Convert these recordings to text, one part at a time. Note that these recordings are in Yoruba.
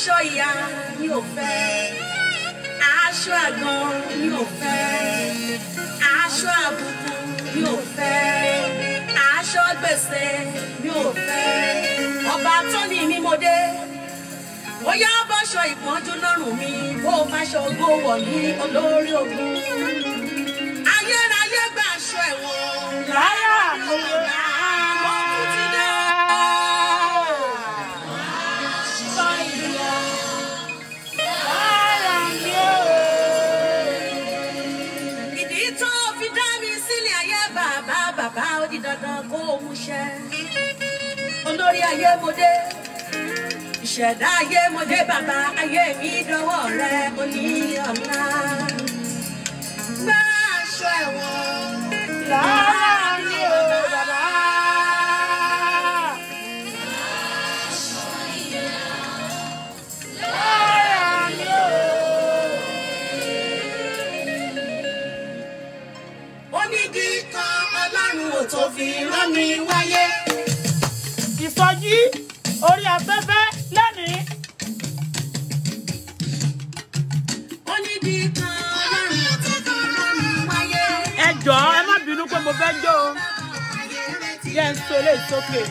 aṣọ ìyá mi ò fẹ́ aṣọ àgbọn mi ò fẹ́ aṣọ àbùkù mi ò fẹ́ aṣọ gbèsè mi ò fẹ́ ọba tó mi mo dé ó yá bọ́ṣọ ìpọ́njú lọ́rùn mi bó o fáṣọ ogó wọ̀ ní olórí ogun ayérayé gbà aṣọ ẹ̀wọ̀n láyà olórí. kó múṣẹ. olórí ayémọdé ìṣẹ̀dá ayémọdé bàbá ayé mi dọwọ́ rẹ oníyànlá. gbá aṣọ ẹ̀wọ̀n làárọ̀. tó fi rán mi wáyé. ìsọjí orí afẹ́fẹ́ lẹ́nìí. ó ní di kan ọlọ́run tó fi rán mi wáyé. ẹ jọ̀ọ́ ẹ má bínú pé mo fẹ́ jó o. jẹ́ ń so lè sókè.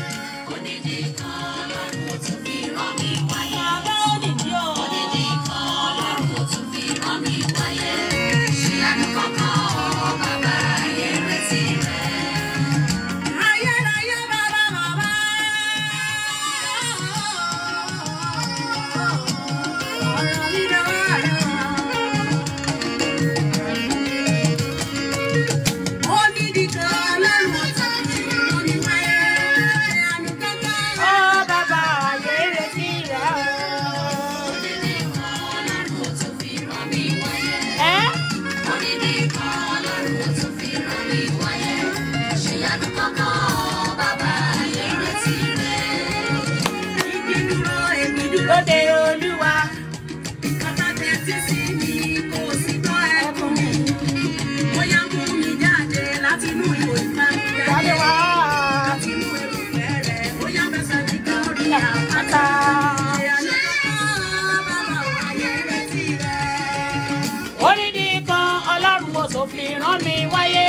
rán mi wáyé.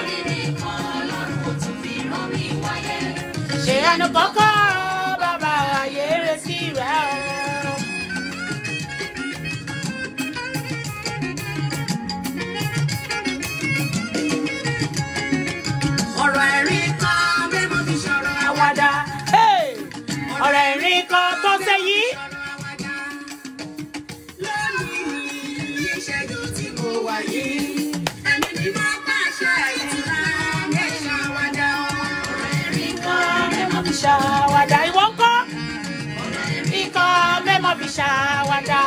orí nìkan lọ́run ò tún fi rán mi wáyé. ṣé àná kọ́kọ́. ṣàwádà.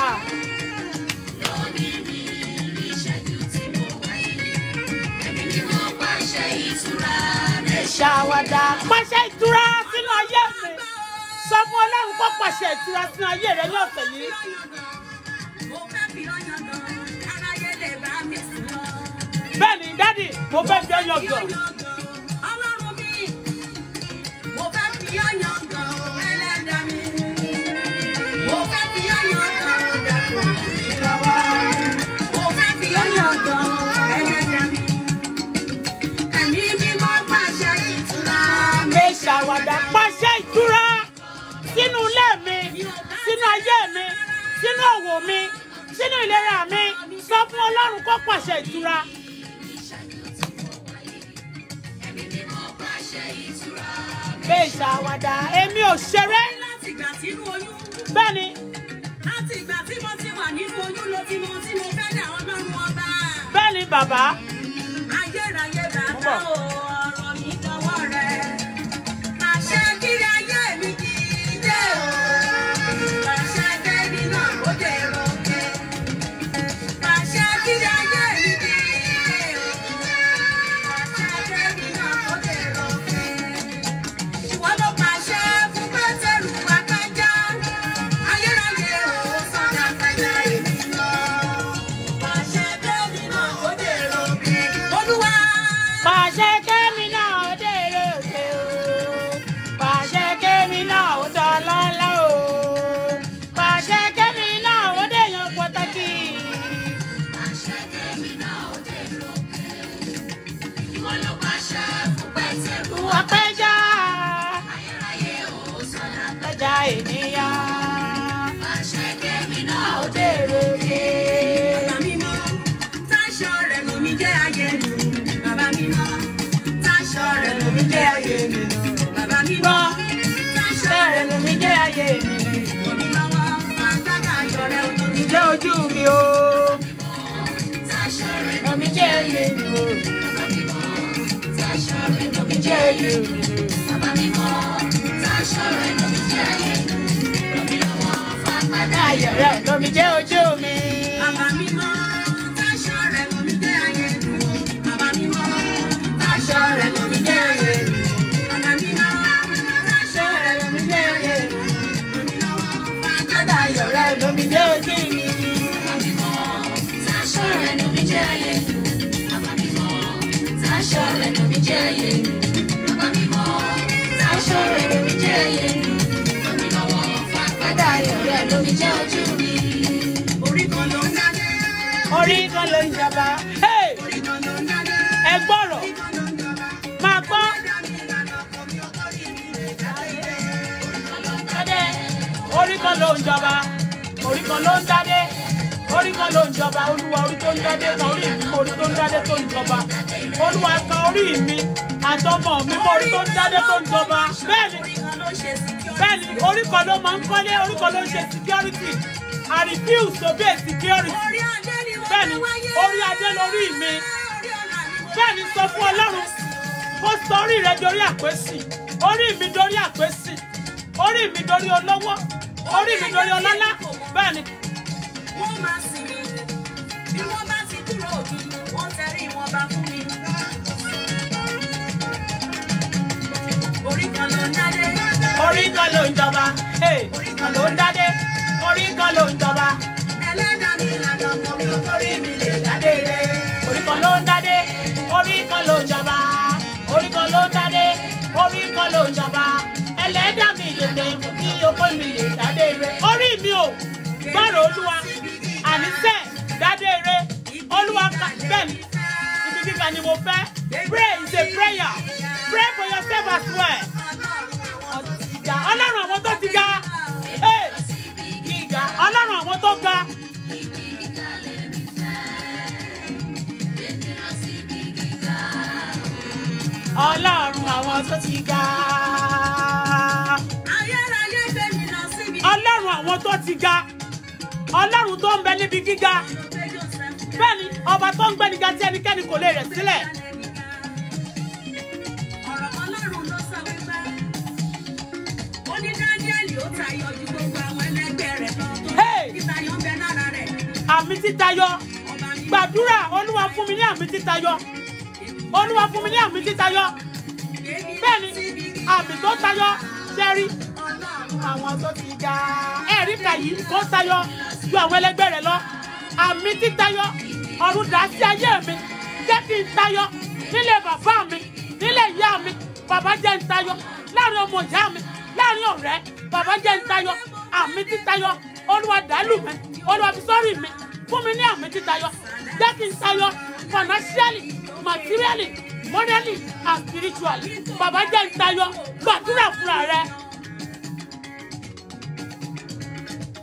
lónìí mi rí pàṣẹ ìtura sínú ayé mi sọ ọlọ́run kó pàṣẹ ìtura sínú ayé rẹ ní ọ̀sẹ̀ yìí. bẹ́ẹ̀ni dádì mo fẹ́ fi ọyàn lọ. ṣàwàdà pàṣẹ ìtura sínú ilé mi sínú ayé mi sínú òwò mi sínú ìlera mi sọ fún ọlọ́run kó pàṣẹ ìtura. bẹ́ẹ̀ ṣàwàdà èmi ò ṣeré. bẹ́ẹ̀ni. láti ìgbà tí mo ti wà nínú oyún ló ti mọ tí mo fẹ́ dà ọlọ́run ọba. bẹ́ẹ̀ni bàbá. ayérayé bàbá o. jẹ́ ayé mi bàbá mi bọ́ bẹ́ẹ̀ lómi jẹ́ ayé mi omi máa wá àtàkà yọrẹ omi jẹ́ ojú mi o omi jẹ́ ayé mi o omi jẹ́ ayé mi bàbá mi bọ́ omi jẹ́ ayé mi omi lọ́wọ́ fàgbàdà yọrẹ omi jẹ́ ojú mi bàbá mi bọ́. orí kan ló ń jọba ẹ gbọ́rọ̀ máa gbọ́. orí kan ló ń jọba orí kan ló ń dádé orí kan ló ń jọba olúwa orí tó ń dádé kan orí mi mọ orí tó ń dádé tó ń jọba olúwa kan orí mi àtọmọ mi mọ orí tó ń dádé tó ń jọba bẹ́ẹ̀ni bẹ́ẹ̀ni orí kan ló máa ń kọ́lé orí kan ló ń ṣe security I refuse to be a security bẹ́ẹ̀ni orí adé lórí mi bẹ́ẹ̀ni sọ fún ọlọ́run kó sọ orí rẹ dorí àpèsì orí mi dorí àpèsì orí mi dorí olówó orí mi dorí ọlọ́lá bẹ́ẹ̀ni wọ́n máa mi. orí kan ló ń dádé. orí kan ló ń jọba. orí kan ló ń dádé. orí kan ló ń jọba. ẹlẹ́dà mi mi ò mi lè dádé rẹ̀. orí kan ló ń dádé. orí kan ló ń jọba. orí kan ló ń mi lè dẹ̀ mi lè dádé rẹ̀. orí mi ò gbọ́rọ̀ olúwa dádére olúwa bẹ́ẹ̀ ni ibi gíga ni mo fẹ́ pray is a prayer pray for yourself as well ọlọ́run àwọn tó ti ga ọlọ́run àwọn tó ga. ọlọ́run àwọn tó ti ga. ọlọ́run àwọn tó ti ga ọlọ́run tó ń bẹ níbi gíga bẹ́ẹ̀ ni ọba tó ń gbẹ́ni ga tí ẹnikẹ́ni kò lè rẹ̀ sílẹ̀. àmì títayọ gbàdúrà olúwa fún mi ní àmì títayọ olúwa fún mi ní àmì títayọ bẹ́ẹ̀ àmì tó tayọ ṣẹ́rí ẹ̀rí kàyí kó tayọ ju àwọn ẹlẹgbẹ́ rẹ lọ àmì títayọ ọ̀run dá sí ayé mi jẹ́ kí n tayọ nílé bàbá mi nílé ìyá mi bàbá jẹ́ n tayọ láàrin ọmọ ìyá mi láàrin ọ̀rẹ́ bàbá jẹ́ n tayọ àmì títayọ olúwa dàálù mi olúwa fi sọ́rí mi fún mi ní àmì títayọ jẹ́ kí n tayọ financially materially morally and spiritually bàbá jẹ́ n tayọ gbàdúrà fúnra rẹ.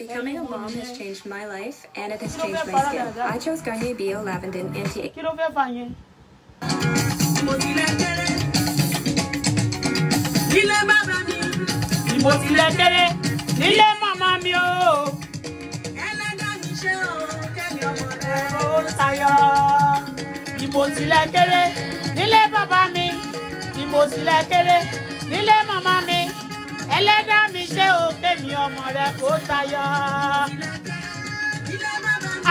Becoming a mom has changed my life and it has changed my skin. I chose Garnier Bio Lavender Anti-Age. nílé bàbá mi. Ìbò kéré nílé màmá mi. ẹlẹ́dá mi ṣe o bẹ́mi ọmọ rẹ kó tayọ.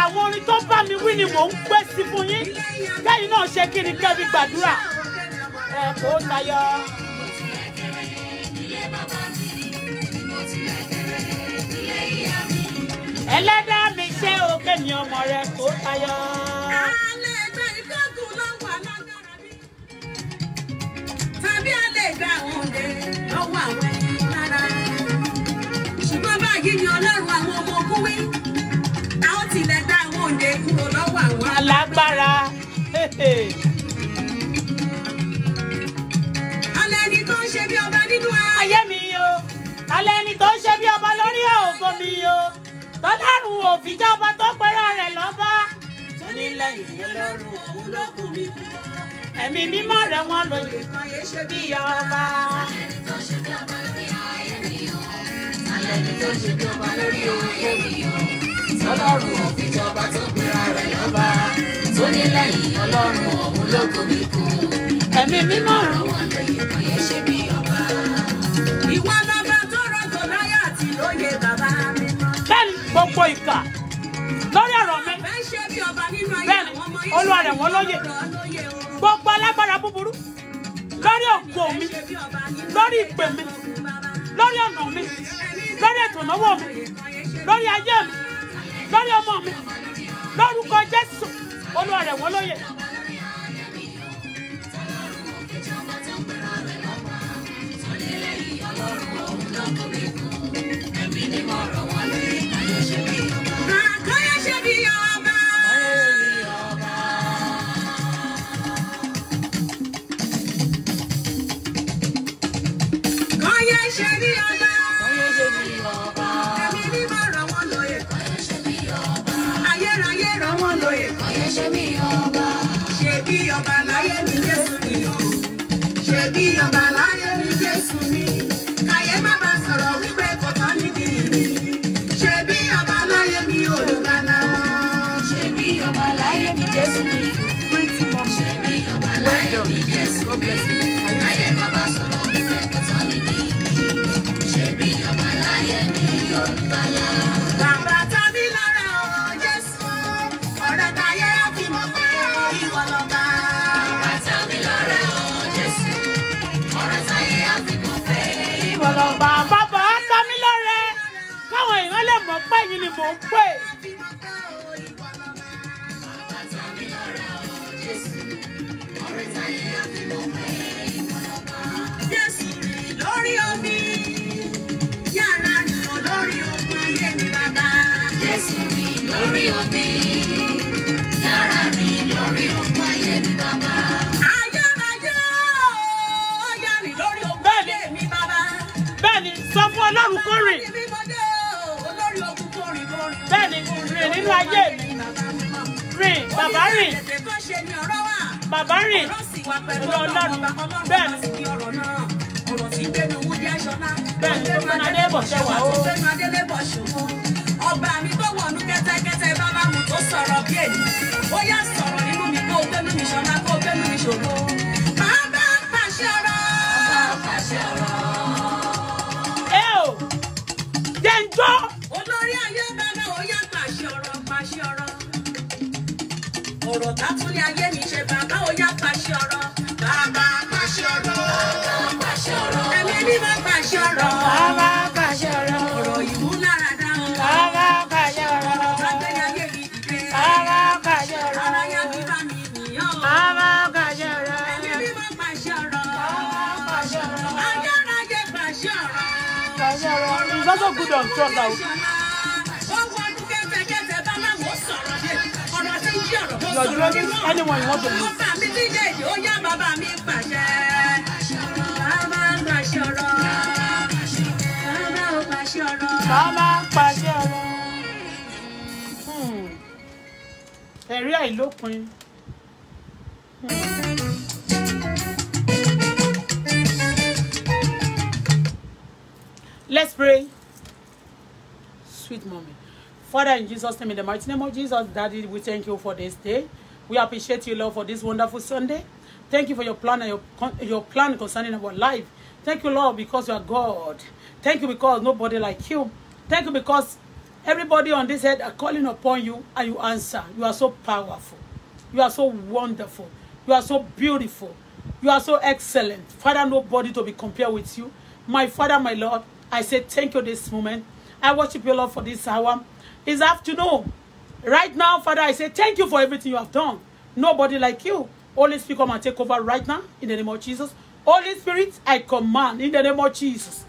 àwọn orin tó bá mi wí ni mò ń gbé sí fún yín kẹ́yìn náà ṣe kí ni kẹ́bi gbàdúrà ẹ kó tayọ. ẹlẹ́dá mi ṣe o bẹ́mi ọmọ rẹ kó tayọ. tàbí a lè gba àwọn ọ̀dẹ lọ́wọ́ yìí ni ọlọ́run àwọn ọmọ ogun wí àwọn tilẹ̀ dá àwọn òde kúrò lọ́wọ́ àwọn alágbára. alẹ́ ni tó ń ṣe bí ọba nínú ayé mi yo, alẹ́ ni tó ń ṣe bí ọba lórí ògo mi yo. tọ́lárùn òfìjọba tó pẹ́rọ rẹ̀ lọ́ba tó nílẹ̀ yìí lọ́rùn òun lọ́kùnrin ẹ̀mí mímọ́ rẹ̀ wọ́n lòdì kan yéé ṣe bí ọba. alẹ́ ni tó ń ṣe bí ọba lórí ògo mi o sẹ́ni tó ṣe bí ọba lórí oyè nìyàn tọ́lọ́run ò fi jọba tó gbéra rẹ̀ lọ́ba tó ní lẹ́yìn ọlọ́run ọ̀hún lógo mi kú. ẹ̀mí mímọ́ rán wọn lóye kò yẹ ṣe bí ọba. ìwọ bàbá tó rọgọ láyà àti lóye bàbá mi mọ́. bẹ́ẹ̀ni gbogbo ìkà lórí ọ̀rọ̀ mi. bẹ́ẹ̀ ṣe bí ọba nínú ayé àwọn ọmọ yìí. gbogbo alágbára búburú lórí ògo mi lórí ìpè mi lórí ọ̀nà mi lórí ètò ìnáwó mi lórí ayé mi lórí ọmọ mi lórúkọ Jésù Olúwa rẹ̀ wọ́n lóye. Ọlọ́run ọ̀hún ló kọ́ mi kú, ẹ̀mí ni Nobody mọ̀ pé ẹ̀yin ni mò ń pè. Jésù rìn lórí omi, yàrá nìkan lórí Omi, ayé mi bàbá. Jésù rìn lórí omi, yàrá rìn lórí ogun ayé mi bàbá. Bẹ́ẹ̀ni, sọ fún Ọlọ́run kó bẹ́ẹ̀ ni rìn nínú ayé mi rìn bàbá rìn bàbá rìn ìlú ọlọ́run bẹ́ẹ̀ ni bẹ́ẹ̀ ni gómìnà adébọ̀ ṣe wà ó. ọba mi tó wọnú kẹ́tẹ́kẹ́tẹ́ bàbá mu tó sọ̀rọ̀ bí èyí ó sọ̀rọ̀ nínú mi kó gbẹ́mí mi ṣọlá kó gbẹ́mí mi ṣòro. bàbá pàṣẹ ọ̀rọ̀ pàṣẹ ọ̀rọ̀. kárí ayé dáná ó yá pàṣẹ ọ̀rọ̀ pàṣẹ ọ̀rọ̀ ọ̀rọ̀ tátúlẹ̀ ayé mi ṣe bàbá ó yá pàṣẹ ọ̀rọ̀ bàbá pàṣẹ ọ̀rọ̀ bàbá pàṣẹ ọ̀rọ̀ ọ̀rọ̀ ìmúláradá bàbá pàṣẹ ọ̀rọ̀ bàbá pàṣẹ ọ̀rọ̀ ọ̀rọ̀ ẹ̀mí ní bàbá pàṣẹ ọ̀rọ̀ ayé ara good on top that. you are ready anyone you want to meet. ọba mi méjèèjì ó yá bàbá mi pàṣẹ bàbá pàṣẹ ọ̀rọ̀ bàbá ò pàṣẹ ọ̀rọ̀. bàbá pàṣẹ ẹ̀rí àìlópin. Let's pray. Sweet mommy. Father, in Jesus' name, in the mighty name of Jesus, Daddy, we thank you for this day. We appreciate you, Lord, for this wonderful Sunday. Thank you for your plan and your, your plan concerning our life. Thank you, Lord, because you are God. Thank you because nobody like you. Thank you because everybody on this earth are calling upon you and you answer. You are so powerful. You are so wonderful. You are so beautiful. You are so excellent. Father, nobody to be compared with you. My Father, my Lord, I say thank you this moment. I worship you, Lord, for this hour. It's afternoon. Right now, Father, I say thank you for everything you have done. Nobody like you. Holy Spirit, come and take over right now in the name of Jesus. Holy Spirit, I command in the name of Jesus.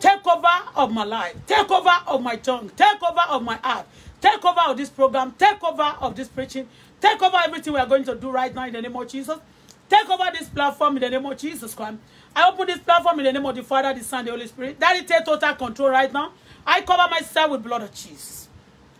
Take over of my life. Take over of my tongue. Take over of my heart. Take over of this program. Take over of this preaching. Take over everything we are going to do right now in the name of Jesus. Take over this platform in the name of Jesus Christ. I open this platform in the name of the Father, the Son, the Holy Spirit. Daddy, take total control right now. I cover myself with blood of Jesus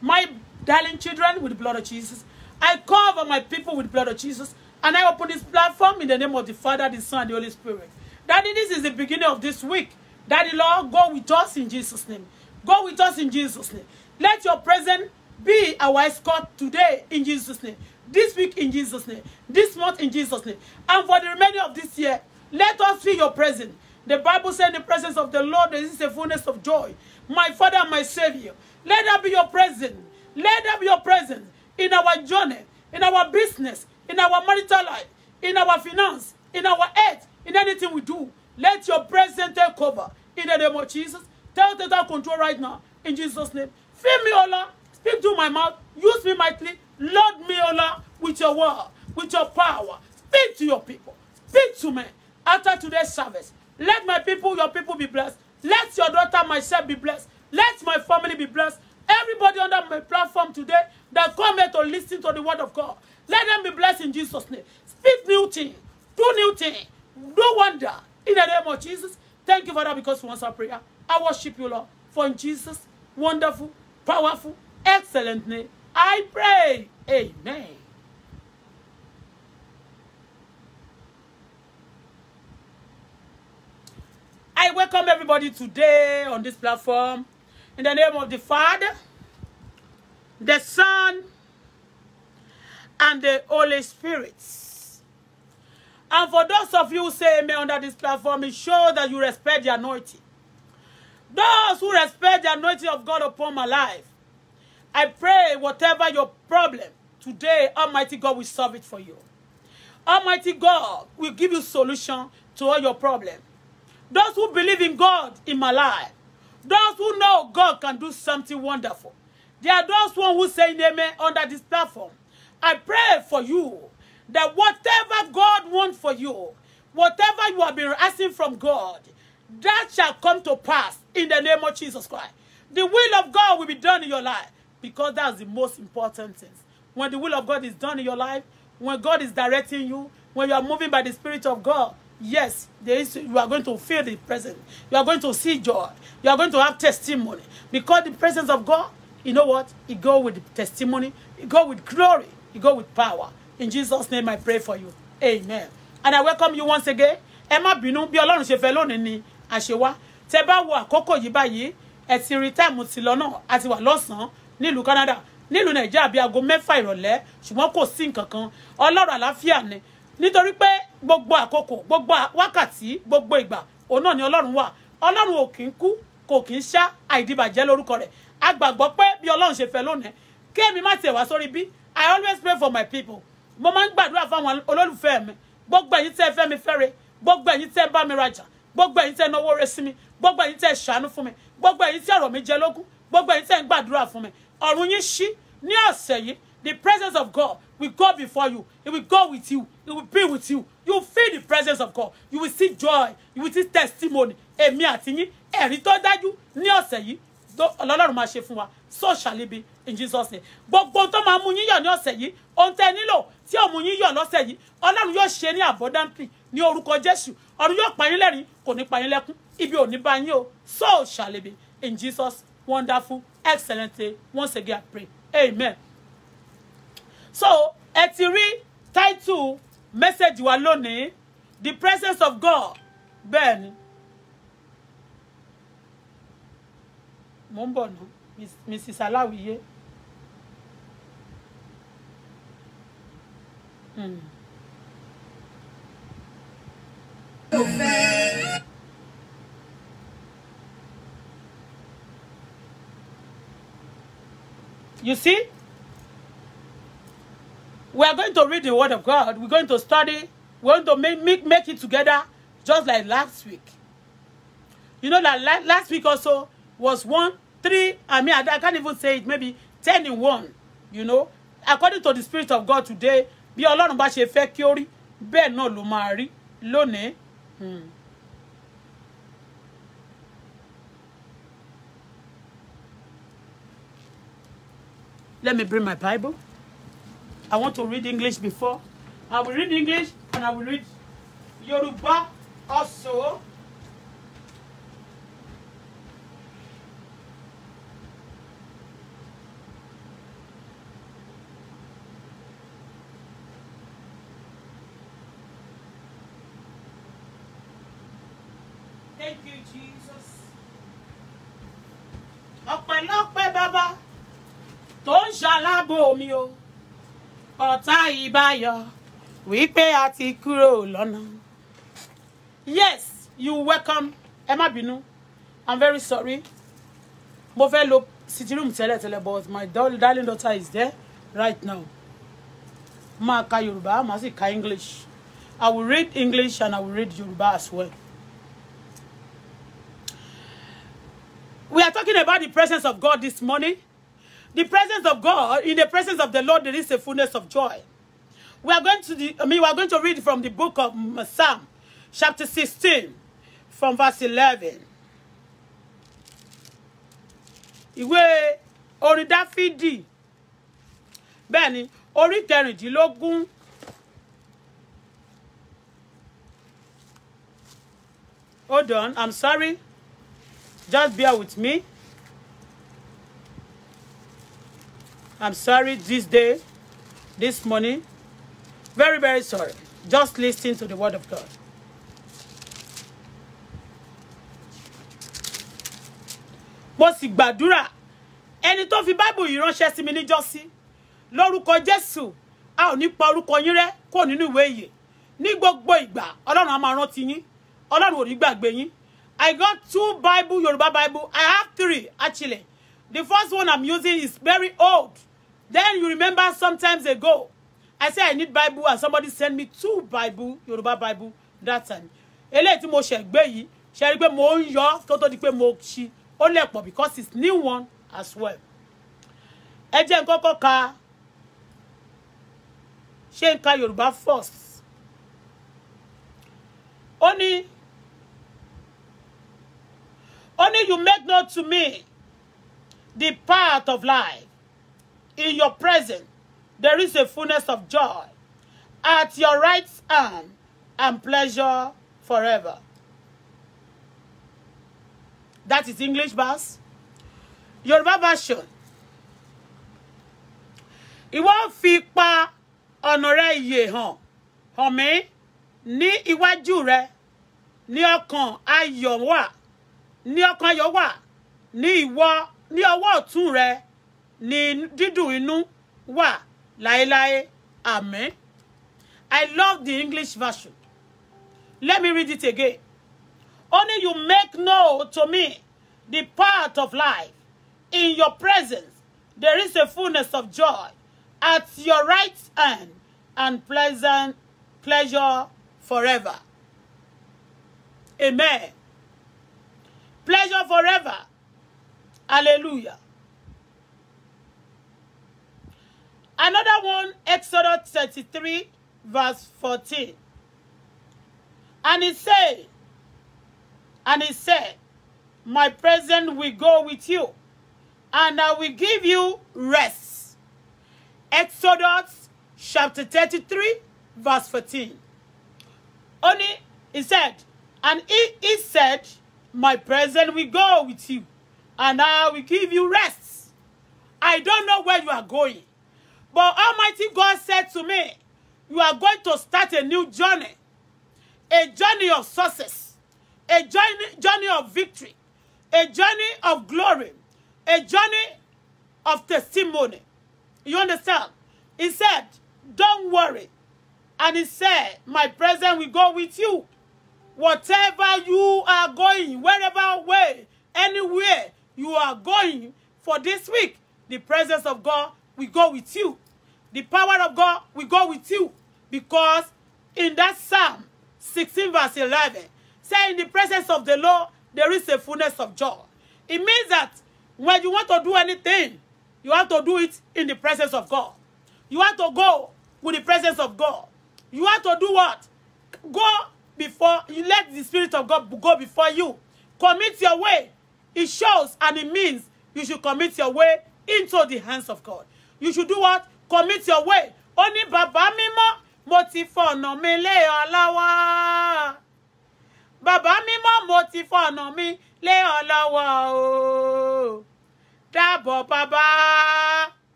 my darling children with the blood of Jesus. I cover my people with the blood of Jesus. And I open this platform in the name of the Father, the Son, and the Holy Spirit. Daddy, this is the beginning of this week. Daddy, Lord, go with us in Jesus' name. Go with us in Jesus' name. Let your presence be our escort today in Jesus' name. This week in Jesus' name. This month in Jesus' name. And for the remainder of this year, let us feel your presence. The Bible said the presence of the Lord is the fullness of joy. My Father, my Savior. Let that be your presence. Let that be your presence in our journey, in our business, in our marital life, in our finance, in our health, in anything we do. Let your presence take over in the name of Jesus. Take total control right now in Jesus' name. Fill me, O Speak through my mouth. Use me mightily. Lord me, O with your word, with your power. Speak to your people. Speak to me after today's service. Let my people, your people be blessed. Let your daughter, myself be blessed. Let my family be blessed. Everybody under my platform today that come here to listen to the word of God, let them be blessed in Jesus' name. Speak new thing, do new thing, No wonder in the name of Jesus. Thank you, Father, because you answer prayer. I worship you, Lord, for in Jesus' wonderful, powerful, excellent name, I pray. Amen. I welcome everybody today on this platform. In the name of the Father, the Son, and the Holy Spirit. And for those of you who say amen under this platform, it shows that you respect the anointing. Those who respect the anointing of God upon my life, I pray whatever your problem, today Almighty God will solve it for you. Almighty God will give you solution to all your problem. Those who believe in God in my life, Those who know God can do something wonderful. There are those one who say amen under this platform. I pray for you that whatever God wants for you, whatever you have been asking from God, that shall come to pass in the name of Jesus Christ. The will of God will be done in your life because that is the most important thing. When the will of God is done in your life, when God is directing you, when you are moving by the Spirit of God, yes, there is, you are going to feel the presence. You are going to see joy. You are going to have testimony. Because the presence of God, you know what? It go with testimony. It go with glory. It go with power. In Jesus' name I pray for you. Amen. And I welcome you once again. Emma Binu bínú bí Ọlọ́run ṣe fẹ́ lónìí ni àṣewá. Tẹ bá wo àkókò yìí báyìí, ẹ ti rí táìmù ti lọ náà àti wà lọ́sàn-án nílùú Canada. Nílùú Nàìjíríà bíi aago mẹ́fà ìrọ̀lẹ́ ṣùgbọ́n kò sí nǹkan kan. Ọlọ́run àlàáfíà ni. Nitori pe gbogbo àkókò, gbogbo wakati gbogbo ìgbà, òun náà ni Ọlọ́run wa Ọlọ́run ò kì í kò kí ń ṣá àìdíbàjẹ́ lórúkọ rẹ̀ a gbàgbọ́ pé bí ọlọ́run ṣe fẹ́ lónìí kí èmi má tiẹ̀ wá sórí bí i always pray for my people mo máa ń gbàdúrà fáwọn olólùfẹ́ mi gbogbo ẹ̀yin tẹ́ ẹ fẹ́ mi fẹ́re gbogbo ẹ̀yin tẹ́ ẹ bá mi rajà gbogbo ẹ̀yin tẹ́ ẹ náwó re sí mi gbogbo ẹ̀yin tẹ́ ẹ ṣàánú fún mi gbogbo ẹ̀yin tí ọ̀rọ̀ mi jẹ lógún gbogbo ẹ̀yin tẹ́ ẹ ń gbàdúrà fún mi ọ̀run yín ṣí ní ọ̀sẹ̀ yìí the presence of God will go before you it will go with you it will be with you you feel the presence of God you will see joy you will see testimony èmi àti yín ẹ̀rí tó dájú ní ọ̀sẹ̀ yìí ọlọ́run máa ṣe fún wa so shall it be in Jesus name gbogbo tó máa mú yín yọ̀ ní ọ̀sẹ̀ yìí ohun tẹ́ nílò tí ò mú yín yọ̀ lọ́sẹ̀ yìí ọlọ́run yóò ṣe ní abundantly ní orúkọ jésù ọ̀run yóò pa yín lẹ́rìn kò ní pa yín lẹ́kún ibi ò ní bá o so shall it be in Jesus wonderful excellent day once again I pray amen so ẹ ti rí title message wa lónìí the presence of God bẹ́ẹ̀ ni mò ń bọ̀ nù mrs aláwìyé. Hmm. You see, we are going to read the Word of God. We're going to study. We're going to make, make, make it together just like last week. You know that last week also, was one three i mean I, I can't even say it maybe ten in one you know according to the spirit of God today bí ọlọ́run bá ṣe fẹ́ kí ó rí bẹ́ẹ̀ náà ló máa rí lónìí. Hmm. Let me bring my Bible. I want to read English before. I will read English and I will read Yoruba also. bò mí o ọ̀tá ìbáyọ̀ wípé a ti kúrò lọ́nà. yes you welcome ẹ má bínú i'm very sorry mo fẹ́ lo sitting room tẹ́lẹ̀tẹ́lẹ̀ but my darling daughter is there right now máa ka yorùbá máa sì ka english i will read english and i will read yorùbá as well. We are talking about the presence of God this morning. The presence of God, in the presence of the Lord, there is a fullness of joy. We are going to, the, I mean, we are going to read from the book of Psalm, chapter 16, from verse 11. Ìwé orin Dáfídì, bẹ́ẹ̀ ni, orí logun. Hold on, I'm sorry. Just bear with me. I'm sorry this day, this morning. Very, very sorry. Just listen to the word of God. Mo sì gbàdúrà ẹni tó fi Bible yìí ránṣẹ́ sí mi níjọ́sí lórúkọ Jésù a ò ní pa orúkọ yín rẹ́ kó nínú ìwé ìyè ní gbogbo ìgbà Ọlọ́run á máa rántí yín Ọlọ́run ò ní gbàgbé yín I got two Bible Yoruba Bible I have three actually the first one I'm using is very old Then you remember sometimes ago, I said I need Bible and somebody sent me two Bible, Yoruba Bible that time. Eléyìí tí mo ṣe gbé yìí, ṣe rí mo ń yọ di pé mo ṣí ó because it's new one as well. Ẹ jẹ́ ka ṣé n ka first. Ó ní you make known to me the path of life in your presence there is a fullness of joy at your right hand and pleasure forever. That is English boss. Your version. Ìwọ fi pa ọ̀nà rẹ ìyè hàn hàn mí ní iwájú rẹ ní ọkàn ayọ̀ wà ní ọkàn ayọ̀ wà ní ìwọ ní ọwọ́ ni dídùn inú wà láéláé àmín I love the English version let me read it again only you make known to me the part of life in your presence there is a fullness of joy at your right hand and pleasant pleasure forever. Amen. Pleasure forever. Hallelujah. Another one, Exodus 33, verse 14. And he said, and he said, My presence will go with you, and I will give you rest. Exodus chapter 33, verse 14. Only he said, and he, he said, My presence will go with you, and I will give you rest. I don't know where you are going. But Almighty God said to me, You are going to start a new journey, a journey of success, a journey, journey of victory, a journey of glory, a journey of testimony. You understand? He said, Don't worry. And he said, My presence will go with you. Whatever you are going, wherever way, anywhere you are going for this week, the presence of God We go with you. The power of God We go with you. Because in that Psalm 16 verse 11, say in the presence of the Lord, there is a fullness of joy. It means that when you want to do anything, you have to do it in the presence of God. You have to go with the presence of God. You have to do what? Go before, you let the Spirit of God go before you. Commit your way. It shows and it means you should commit your way into the hands of God you should do what commit your way ó ní bàbá mímọ́ mo ti fọ̀nà mi lé ọ lọ́wọ́ bàbá mímọ́ mo ti fọ̀nà mi lé ọ lọ́wọ́ o dábọ̀ bàbá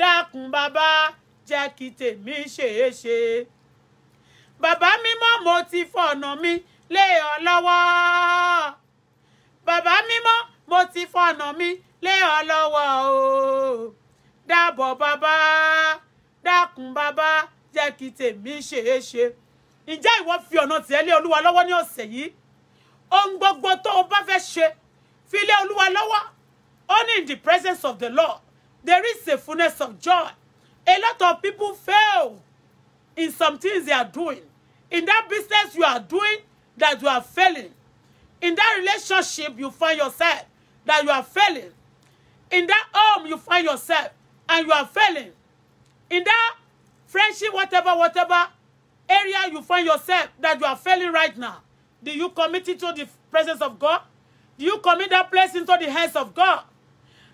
dákun bàbá jẹ́ kí tèmi ṣeé ṣe bàbá mímọ́ mo ti fọ̀nà mi lé ọ lọ́wọ́ bàbá mímọ́ mo ti fọ̀nà mi lé ọ lọ́wọ́ o dábọ̀ bàbá dákun bàbá jẹ́ kí tèmi ṣeé ṣe ǹjẹ́ ìwọ fi ọ̀nà tìẹ lé olúwa lọ́wọ́ ní ọ̀sẹ̀ yìí ohun gbogbo tó o bá fẹ́ ṣe fi lé olúwa lọ́wọ́ only in the presence of the Lord there is a fullness of joy a lot of people fail in some things they are doing in that business you are doing that you are failing in that relationship you find yourself that you are failing in that home you find yourself and you are failing in that friendship whatever whatever area you find yourself that you are failing right now do you commit it to the presence of God do you commit that place into the hands of God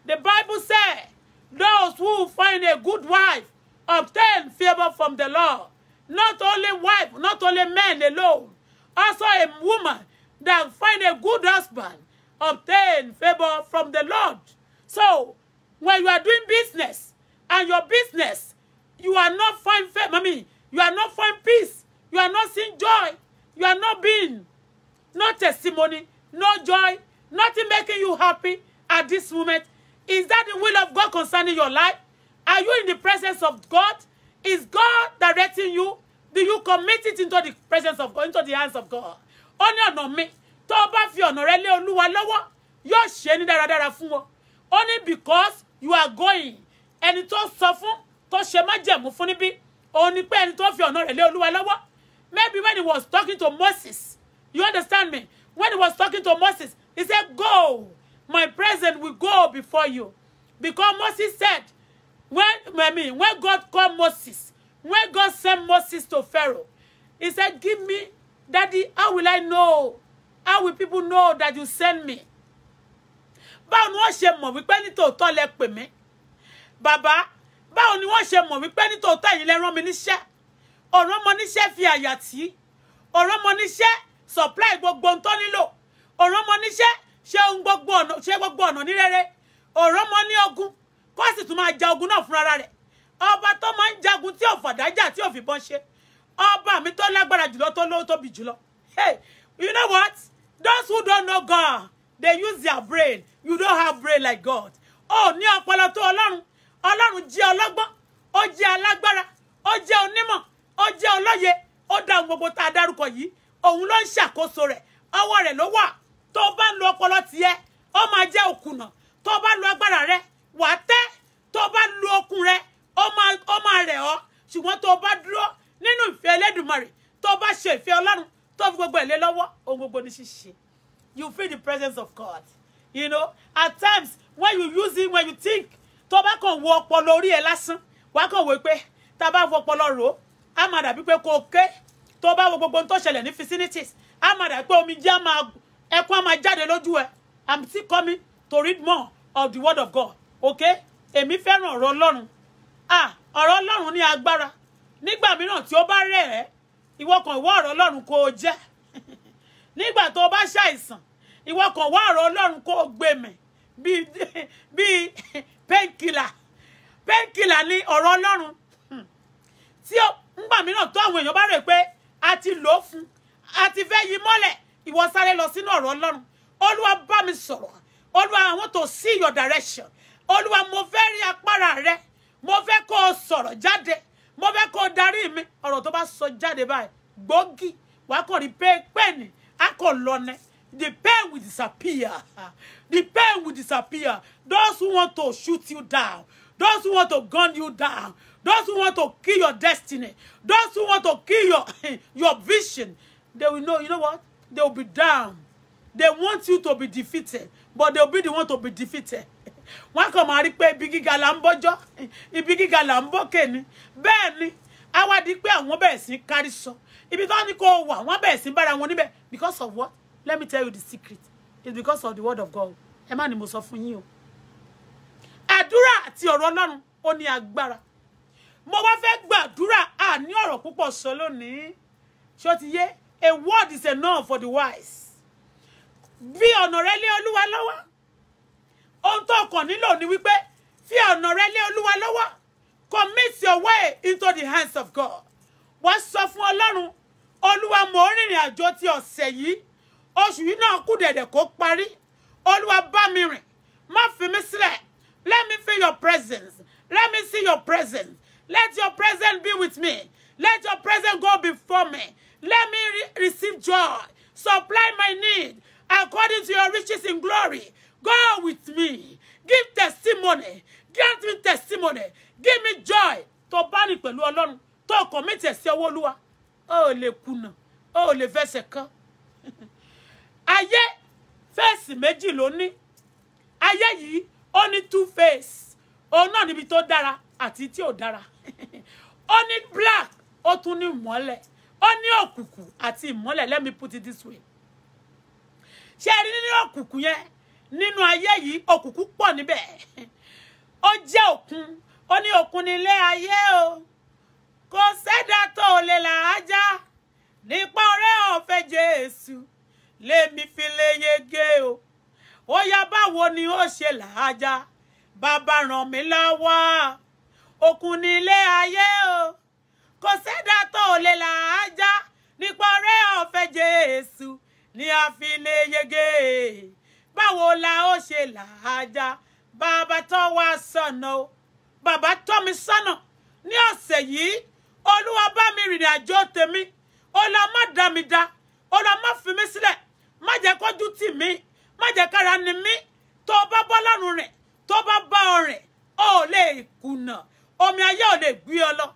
the Bible says those who find a good wife obtain favor from the Lord not only wife not only men alone also a woman that find a good husband obtain favor from the Lord so when you are doing business and your business you are not find faith I you are not find peace you are not seeing joy you are not being no testimony no joy nothing making you happy at this moment is that the will of God concerning your life are you in the presence of God is God directing you do you commit it into the presence of God into the hands of God ó ní ọ̀nà mi tó o bá fi ọ̀nà rẹ lé Olúwa lọ́wọ́ yóò ṣe é ní dáradára fún ọ ó because you are going ẹni tó sọ fún tó ṣe májẹ̀mú fún níbí òun ni pé ẹni tó fi ọ̀nà rẹ̀ lé olúwa lọ́wọ́ maybe when he was talking to Moses you understand me when he was talking to Moses he said go my present will go before you because Moses said when I mean when God called Moses when God sent Moses to Pharaoh he said give me daddy how will I know how will people know that you send me báwo ni wọ́n ṣe mọ̀ wípé nítòótọ́ lẹ pè mí bàbá báwo ni wọ́n ṣe mọ̀ wípé nítòótọ́ ẹ̀yin lẹ rán mi níṣẹ́ ọ̀ràn mọ níṣẹ́ fi àyà tí ọ̀ràn mọ níṣẹ́ supply gbogbo ohun tó nílò ọ̀ràn mọ níṣẹ́ ṣe ohun gbogbo ọ̀nà ṣe gbogbo ọ̀nà ní rere ọ̀ràn mọ ní ogun kó sì tún máa ja ogun náà fúnra rẹ̀ ọba tó máa ń jagun tí ò fàdájà tí ò ṣe ọba mi tó lágbára jùlọ tó lówó tóbi jùlọ hey you know what those who don't know God they use their brain you don't have brain like God Oh, ní ọpọlọ tó Ọlọ́run Ọlọ́run jẹ́ ọlọ́gbọ́n ó jẹ́ alágbára ó jẹ́ onímọ̀ ó jẹ́ olóye ó dá gbogbo tá a dárúkọ yìí òun ló ń ṣàkóso rẹ̀ ọwọ́ rẹ̀ ló wà tó o bá ń lo ọpọlọ tiẹ̀ ó máa jẹ́ òkùnà tó o bá lo agbára rẹ̀ wàá tẹ́ tó o bá lo okun rẹ̀ ó máa rẹ̀ ọ́ ṣùgbọ́n tó o bá dúró nínú ìfẹ́ Ẹlẹ́dùmarè tó o bá ṣe ìfẹ́ Ọlọ́run tó fi gbogbo ẹ̀ lé lọ́wọ́ ohun gbogbo ní ṣíṣe you feel the presence of God you know at times when you use it when you think "Toba bá kàn wo ọpọlọ orí ẹ lásán wàá kàn wò pé tá a bá wo ọpọlọ rò ó á máa dàbí pé kò ké tó bá wo gbogbo ohun tó ṣẹlẹ̀ ní vicinities á máa dàbí pé omijé á máa ẹkún á máa jáde lójú I'm still coming to read more of the word of God okay èmi fẹ́ràn ọ̀rọ̀ Ọlọ́run ah ọ̀rọ̀ Ọlọ́run ní agbára nígbà mìíràn tí ó bá rẹ̀ ẹ́ ìwọ kan ìwọ ọ̀rọ̀ Ọlọ́run kò jẹ́ nígbà tó o bá ṣàìsàn ìwọ kan wá ọ̀rọ̀ ọlọ́run kó gbé mi bíi bíi painkiller painkiller ni ọ̀rọ̀ ọlọ́run tí ngbà mìíràn tó àwọn èèyàn bá rè pé a ti lò ó fún a ti fẹ́ yí mọ́lẹ̀ ìwọ sáré lọ sínú ọ̀rọ̀ ọlọ́run olúwa bá mi sọ̀rọ̀ olúwa I want to see your direction olúwa mo fẹ́ rí apára rẹ mo fẹ́ kó o sọ̀rọ̀ jáde mo fẹ́ kó o darí mi ọ̀rọ̀ tó bá sọ jáde báyìí gbòógì wàá kàn rí pé pẹ́ẹ́nì á kàn lọ́nẹ́ the pain will disappear. The pain will disappear. Those who want to shoot you down, those who want to gun you down, those who want to kill your destiny, those who want to kill your, your vision, they will know, you know what? They will be down. They want you to be defeated, but they'll be the one to be defeated. Wọ́n kàn máa rí pé ibi gíga là ń bọ́jọ́, ibi gíga là ń bọ́kè ni. Bẹ́ẹ̀ ni, á wá di pé àwọn bẹ̀rẹ̀ sí kárí sọ. Ibi tó ní kó wà, wọ́n bẹ̀rẹ̀ sí bára wọn níbẹ̀ because of what? let me tell you the secret it's because of the word of God ẹ má ni mo sọ fún yín o àdúrà àti ọ̀rọ̀ Ọlọ́run ó ní agbára mo wá fẹ́ gbàdúrà à ní ọ̀rọ̀ púpọ̀ sọ lónìí ṣé ti yé a word is enough for the wise bí onorele rẹ lé Olúwa lọ́wọ́ ohun tó kàn ni wípé fi onorele rẹ lé commit your way into the hands of God wá sọ fún Ọlọ́run Olúwa mo rìnrìn àjò ti ọ̀sẹ̀ yìí oṣù yìí náà kù dẹ̀dẹ̀ kó parí olúwa bá mi rìn má fi mí sílẹ̀ let me feel your presence let me see your presence let your presence be with me let your presence go before me let me re receive joy supply my need according to your riches in glory go with me give testimony grant me testimony give me joy tó bá ní pẹ̀lú ọlọ́run tó kọ̀ mí tẹ̀sí ọwọ́ olúwa ó lè kùnà ó lè fẹsẹ̀ kan ayé fèsì méjì ló ní ayé yìí ó ní two face òun náà níbi tó dára àti tí ò dára ó ní black ó tún ní ìmọ́lẹ̀ ó ní òkùnkùn àti ìmọ́lẹ̀ let me put it this way ṣé ẹ rí nínú òkùnkùn yẹn nínú ayé yìí òkùnkùn pọ̀ níbẹ̀ ó jẹ́ òkun ó ní òkun nílé ayé o kò sẹ́dá tó lè là á já nípa ọ̀rẹ́ ọ̀fẹ́ Jésù lèmi fi lè yege o ó yá báwo ni ó ṣe làájá bàbá ràn mí lọ́wọ́ òkun nílé ayé o kò sẹ́dá tó lè làájá nípa ọrẹ́ ọ̀fẹ́ Jésù ni a fi lè yege báwo la ó ṣe làájá bàbá tó wá sọ̀nà o bàbá tọ́ mi sọ́nà ní ọ̀sẹ̀ yìí olúwa bá mi rìnrìn àjò tèmi olúwa má dá mi dá olúwa má fi mí sílẹ̀ má jẹ́ kójú tì mí má jẹ́ kára ni mí tó bá bọ́ lọ́rùn rẹ̀ tó bá bá ọ rìn ó lè kùnà omi ayé ò lè gbé ọ lọ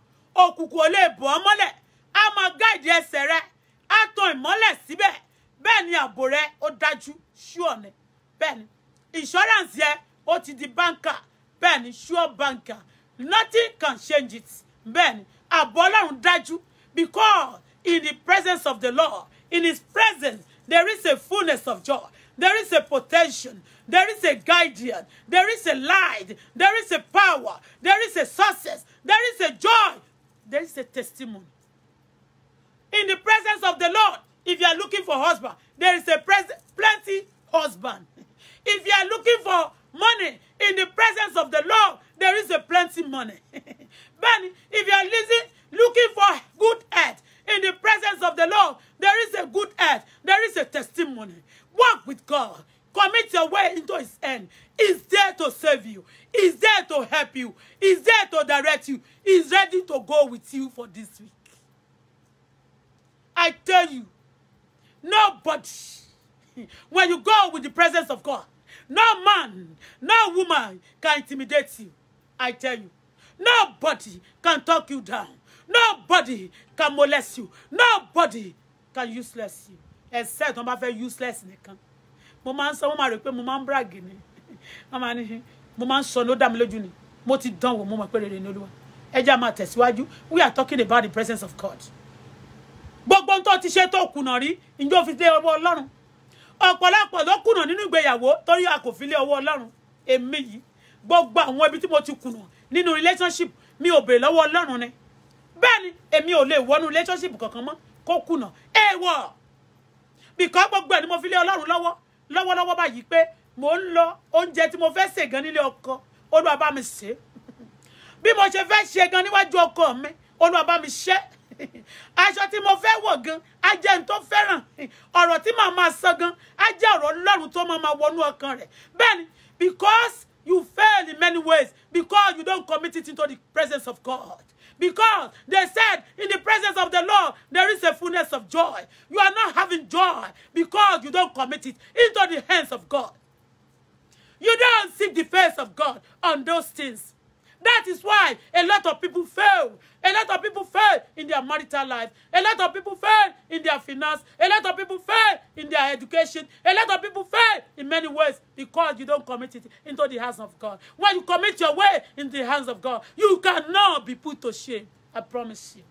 òkùnkùn ò lè bọ́ ọ mọ́lẹ̀ á máa gáàdì ẹsẹ̀ rẹ á tan ìmọ́lẹ̀ síbẹ̀ bẹ́ẹ̀ ni ààbò rẹ ó dájú ṣúọ̀ ni bẹ́ẹ̀ ni insurance yẹ ó ti di banker bẹ́ẹ̀ ni sure banker nothing can change it bẹ́ẹ̀ ni ààbò ọlọ́run dájú because in the presence of the law, in his presence There is a fullness of joy. There is a potential. There is a guidance. There is a light. There is a power. There is a success. There is a joy. There is a testimony. In the presence of the Lord, if you are looking for husband, there is a plenty husband. If you are looking for money in the presence of the Lord, there is a plenty money. Benny, if you are listening, looking for good health, in the presence of the Lord, there is a good earth. There is a testimony. Walk with God. Commit your way into his end. He's there to save you. He's there to help you. He's there to direct you. He's ready to go with you for this week. I tell you, nobody, when you go with the presence of God, no man, no woman can intimidate you. I tell you, nobody can talk you down nobody can molest you nobody can useless you except wọn bá fẹ́ useless nìkan mo máa ń sọ wọn máa rò pé mo máa ń brag ni wọn máa ní mo máa ń sọ ní ó dá mi lójú ni mo ti dán wò mo mọ̀ pé rere ni olúwa ẹ jẹ́ a máa tẹ̀síwájú we are talking about the presence of God gbogbo ohun tó ti ṣe tó kùnà rí ǹjẹ́ o fi lé ọwọ́ ọlọ́run ọ̀pọ̀lọpọ̀ ló kùnà nínú ìgbéyàwó torí a kò fi lé ọwọ́ ọlọ́run èmi yìí gbogbo àwọn ibi tí mo ti kùnà nínú relationship mi ò béèrè lọ́wọ́ ọlọ́run ni bẹ́ẹ̀ ni èmi ò lè wọnú relationship kankan mọ́ kó kùnà èèwọ̀ bìkọ́ gbogbo ẹ̀ ni mo fi lé ọlọ́run lọ́wọ́ lọ́wọ́lọ́wọ́ báyìí pé mò ń lọ oúnjẹ tí mo fẹ́ sè gan nílé ọkọ olúwa bá mi sè é bí mo ṣe fẹ́ ṣe gan níwájú ọkọ mi olúwa bá mi ṣe é aṣọ tí mo fẹ́ wọ̀ gan á jẹ́ n tó fẹ́ràn ọ̀rọ̀ tí màá máa sọ gan á jẹ́ ọ̀rọ̀ tó máa máa wọnú ọkàn rẹ̀ bẹ́ẹ̀ because you fail in many ways because you don't commit it into the presence of God because they said in the presence of the Lord there is a fullness of joy. You are not having joy because you don't commit it into the hands of God. You don't seek the face of God on those things. That is why a lot of people fail. A lot of people fail in their marital life. A lot of people fail in their finance. A lot of people fail in their education. A lot of people fail in many ways because you don't commit it into the hands of God. When you commit your way in the hands of God, you cannot be put to shame. I promise you.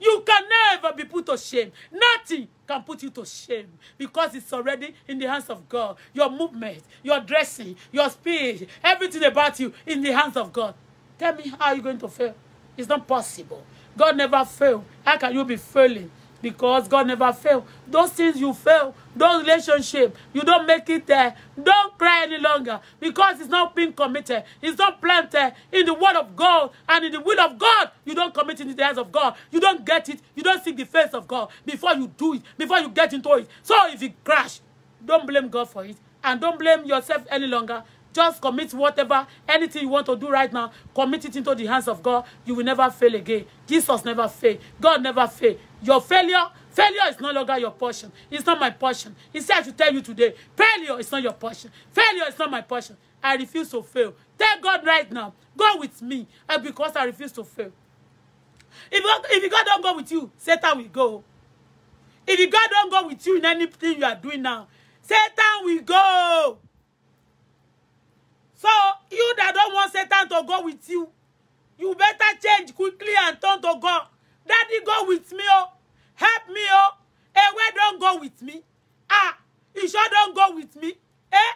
You can never be put to shame. Nothing can put you to shame because it's already in the hands of God. Your movement, your dressing, your speech, everything about you in the hands of God. Tell me how you're going to fail. It's not possible. God never failed. How can you be failing? because God never fail. Those things you fail, those relationship, you don't make it there. Don't cry any longer because it's not being committed. It's not planted in the word of God and in the will of God. You don't commit it in the hands of God. You don't get it. You don't seek the face of God before you do it, before you get into it. So if it crash, don't blame God for it and don't blame yourself any longer. Just commit whatever, anything you want to do right now, commit it into the hands of God. You will never fail again. Jesus never failed. God never failed. Your failure, failure is no longer your portion. It's not my portion. He said, to tell you today, failure is not your portion. Failure is not my portion. I refuse to fail. Tell God right now, go with me and uh, because I refuse to fail. If God, if God don't go with you, Satan will go. If God don't go with you in anything you are doing now, Satan will go. So you that don't want Satan to go with you, you better change quickly and turn to God daddy go with me oh! help me o oh. ewe don go with me ah You sure don go with me eh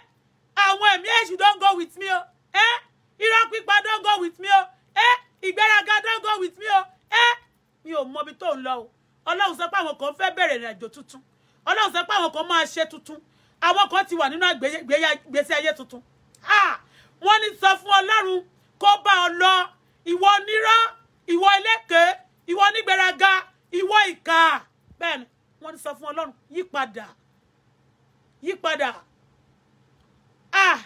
àwọn ẹ̀mí you don go with me oh! eh irọ́ pípa don go with me oh! eh ìgbéraga don go with me oh! eh mi ò mọbi tó ń lọ o oh. ọlọ́run sọ pé àwọn kan fẹ́ bẹ̀rẹ̀ ìrìnàjò tuntun ọlọ́run sọ pé àwọn kan máa ṣe tuntun àwọn kan ti wà nínú ìgbésí ayé tuntun ah wọ́n ní sọ fún ọlọ́run kó bá ọ lọ ìwọ ìwọ onígbéraga ìwọ ìkà bẹ́ẹ̀ ni wọ́n ti sọ fún ọlọ́run yípadà yípadà ah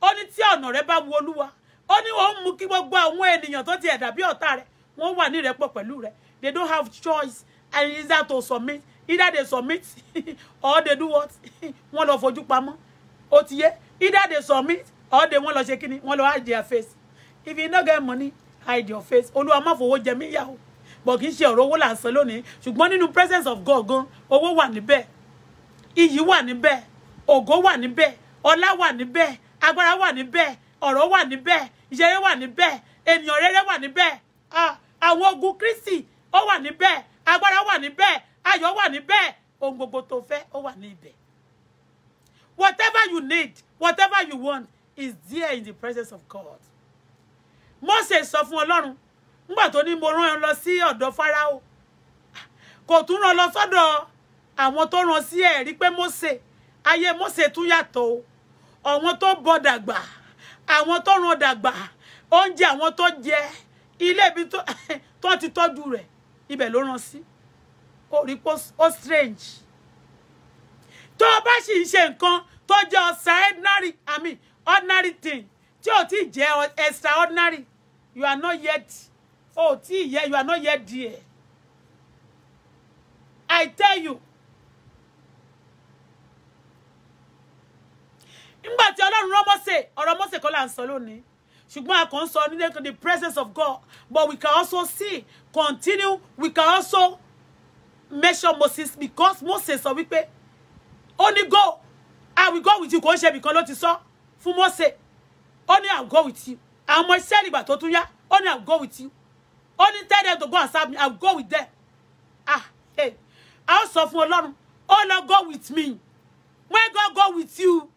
ó ní tí ọ̀nà rẹ bá wu olúwa ó ní òun mú kí gbogbo àwọn ènìyàn tó ti ẹ̀dà bí ọ̀tá rẹ wọ́n wà ní ìrẹ́pọ̀ pẹ̀lú rẹ they don't have choice and it's that to submit either they submit or they do what wọ́n lọ fojú pamọ́ ó ti yé either they submit or they wọ́n lọ ṣe kíni wọ́n lọ hide their face if you no get money hide your face olúwa má fowó jẹ mí yá o. But kì í ṣe ọ̀rọ̀ owó là ń sọ lónìí ṣùgbọ́n nínú presence of God gan owó wà níbẹ̀ iyì wà níbẹ̀ ògo wà níbẹ̀ ọlá wà níbẹ̀ agbára wà níbẹ̀ ọ̀rọ̀ wà níbẹ̀ ìṣeré wà níbẹ̀ ènìyàn rere wà níbẹ̀ àwọn ogun Kristi ó wà níbẹ̀ agbára wà níbẹ̀ ayọ̀ wà níbẹ̀ ohun gbogbo tó fẹ́ ó wà níbẹ̀ whatever you need whatever you want is there in the presence of God Mose sọ fún Ọlọ́run nígbà tó ní mo rán ẹ lọ sí ọ̀dọ̀ Fáráò kò tún rán lọ sọ́dọ̀ àwọn tó rán sí ẹ̀ rí pé Mósè ayé Mósè tún yàtọ̀ o àwọn tó bọ́ dàgbà àwọn tó rán dàgbà oúnjẹ àwọn tó jẹ ilé ibi tó ti tọ́jú rẹ̀ ibẹ̀ ló rán sí ó rí pé ó strange tó o bá sì ń ṣe nǹkan tó jẹ́ extraordinary i mean ordinary thing tí o ti jẹ́ extraordinary you are not yet oh tí yeah, you are not yet dear. i tell you but tí ọlọ́run rán say, or Mósè kọ́ là ń sọ lónìí ṣùgbọ́n a the presence of God but we can also see continue we can also measure Moses because Moses sọ we ó ní go i will go with you kò ń ṣe ibìkan ló ti sọ fún Mósè ó go with you àwọn ọmọ Ísírẹ́lì ìgbà tó tún go with you only tell them to go and serve me I'll go with them ah hey I'll ó sọ fún ọlọ́run go with me when God go with you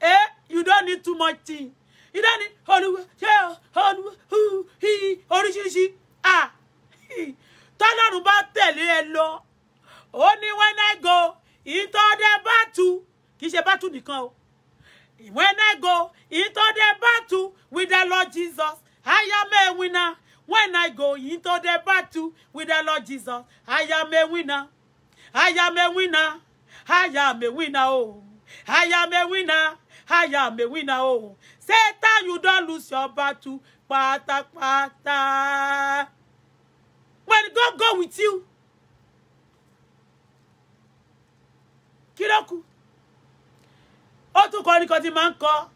eh you don't need too much thing you don't need holy, olùwẹ̀ ṣé olùwẹ̀ hu hi oríṣiríṣi ah tọ́lọ́run bá tẹ̀lé ẹ lọ Lord. Only when i go into the battle, tu kì battle ṣe bá when i go into the battle with the Lord Jesus i am a winner. When I go into the battle with the Lord Jesus, I am a winner. I am a winner. I am a winner. Oh, I am a winner. I am a winner. Oh, Satan, you don't lose your battle. Pata, pata. When God go with you, kí ló kù ó tún kọrin kan tí máa ń kọ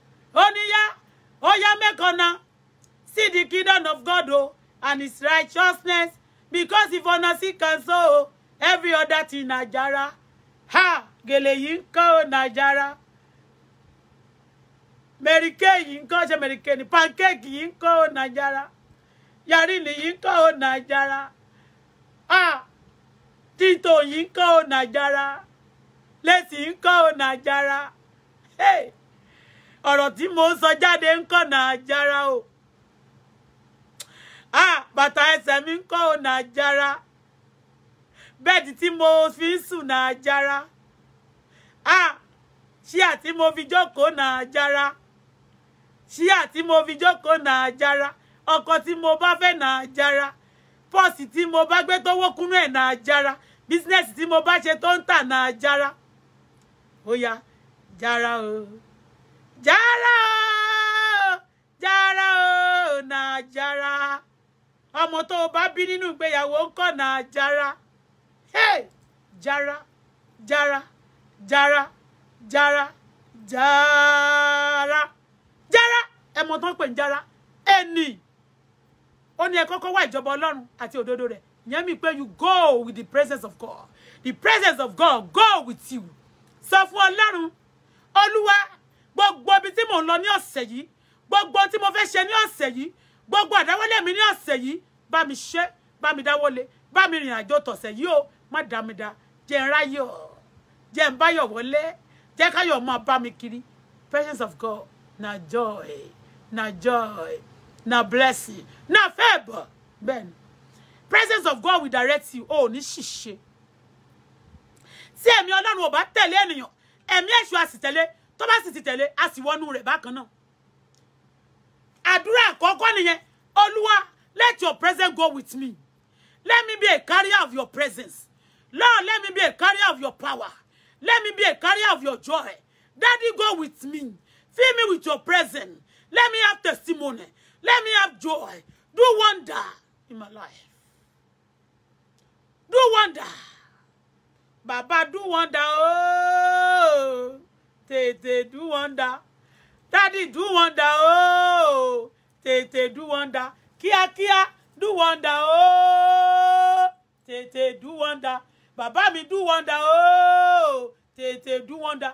see the kingdom of God oh and his righteousness because if una see cancel every other thing na jara ha gele yìí ń kọ́ ọ́ na jara mẹ̀ríkẹ́ yìí ń kọ́ ṣe ni pancake yìí ń kọ́ ọ́ na jara yarili yìí ń kọ́ ọ́ na jara ha títò yìí ń kọ́ ọ́ na jara lẹ́sìn yìí ń kọ́ mo ń sọ jáde ń o. Hey! ah bàtà ẹsẹ̀ mi ń kọ́ ò nà ti mo fi ń sùn nà jára ah tí mo fi jókòó na jára ṣíà tí mo fi jókòó na jára ọkọ tí mo bá fẹ́ nà jára pọ́ọ̀sì tí mo bá gbé tó wókúnú ẹ̀ nà bísínẹ́sì tí mo bá ṣe tó ń tà ó jára o jára ọmọ tó o bá bí nínú ìgbéyàwó ń kọ̀nà jara hey! jara jara jara jara jara jara ẹ mọ tó ń pè ń jara ẹnì ó ní ẹ kọ́kọ́ wá ìjọba ọlọ́run àti òdodo rẹ̀ yẹn mi pé you go with the presence of God the presence of God go with you sọ fún ọlọ́run olúwa gbogbo ibi tí mò ń lọ ní ọ̀sẹ̀ yìí gbogbo tí mo fẹ́ ṣe ní ọ̀sẹ̀ yìí gbogbo àdáwọ́lé mi ní ọ̀sẹ̀ yìí bá mi ṣe bá mi dáwọ́lé bá mi rìn àjò tọ̀sẹ̀ yìí o má dá mi dá jẹ́ ń ráyè o jẹ́ ń báyọ̀ wọlé jẹ́ káyọ̀ máa bá mi kiri presence of God na joy na joy na blessing na favour bẹ́ẹ̀ ni presence of God will direct you o ní ṣìṣe tí ẹ̀mí ọlọ́run ò bá tẹ̀lé ènìyàn ẹ̀mí èṣù a sì tẹ̀lé tó bá sì ti tẹ̀lé a sì wọnú rẹ̀ bákan náà àdúrà àkọ́kọ́ nìyẹn olúwa Let your presence go with me. Let me be a carrier of your presence. Lord, let me be a carrier of your power. Let me be a carrier of your joy. Daddy, go with me. Fill me with your presence. Let me have testimony. Let me have joy. Do wonder in my life. Do wonder. Baba, do wonder. Oh, Tete, do wonder. Daddy, do wonder. Oh, Tete, do wonder kíákíá do wonder ooo oh. tètè do wonder bàbá mi do wonder ooo oh. tètè do wonder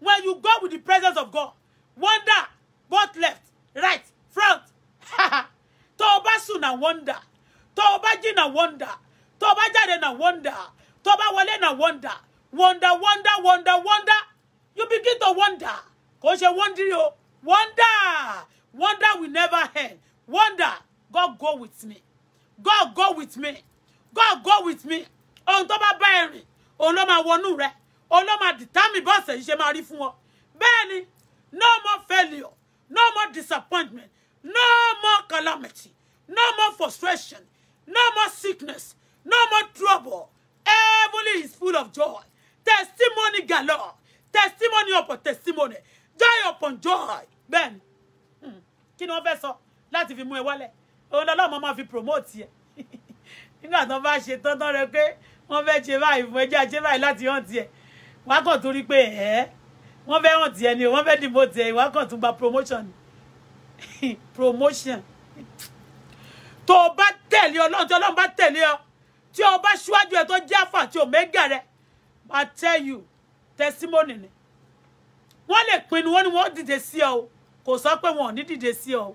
when you go with the presence of God wonder both left right front tó o bá sùn náà wonder tó o bá jí náà wonder tó o bá jáde náà wonder tó o bá wọlé náà wonder wonder wonder wonder wonder you begin to wonder kò ṣe wonder o wonder wonder will never end wonder God go with me God go with me God go with me ohun tó bá bá ẹ rìn òun ló máa wọnú rẹ òun ló máa dìtámì bọ́ọ̀sẹ̀ yìí ṣe máa rí fún wọn bẹ́ẹ̀ no more failure no more disappointment no more calamity no more frustration no more sickness no more trouble heavenly is full of joy testimony galore testimony upon testimony joy upon joy bẹ́ẹ̀ ni hmm. kí ni wọ́n fẹ́ sọ láti fi mú ẹ wálẹ̀ òun lọ́lọ́ ọmọ máa fi promote yẹ nígbà tó bá ṣe tán tán rẹ pé wọ́n fẹ́ ṣe báyìí fún ẹjẹ́ àṣẹ báyìí láti hàn tiẹ̀ wá kàn torí pé ẹ̀ wọ́n fẹ́ hàn tiẹ̀ ni wọ́n fẹ́ dìbò tiẹ̀ wá kàn tún gba promotion promotion tó o bá tẹ̀lé ọlọ́run tí ọlọ́run bá tẹ̀lé ọ tí o bá ṣíwájú ẹ tó jẹ́ àfà tí omega rẹ I tell you testimony ni wọ́n lè pinnu wọ́n ní wọ́n dìde sí ọ kò sọ pé wọn ò ní dìde sí ọ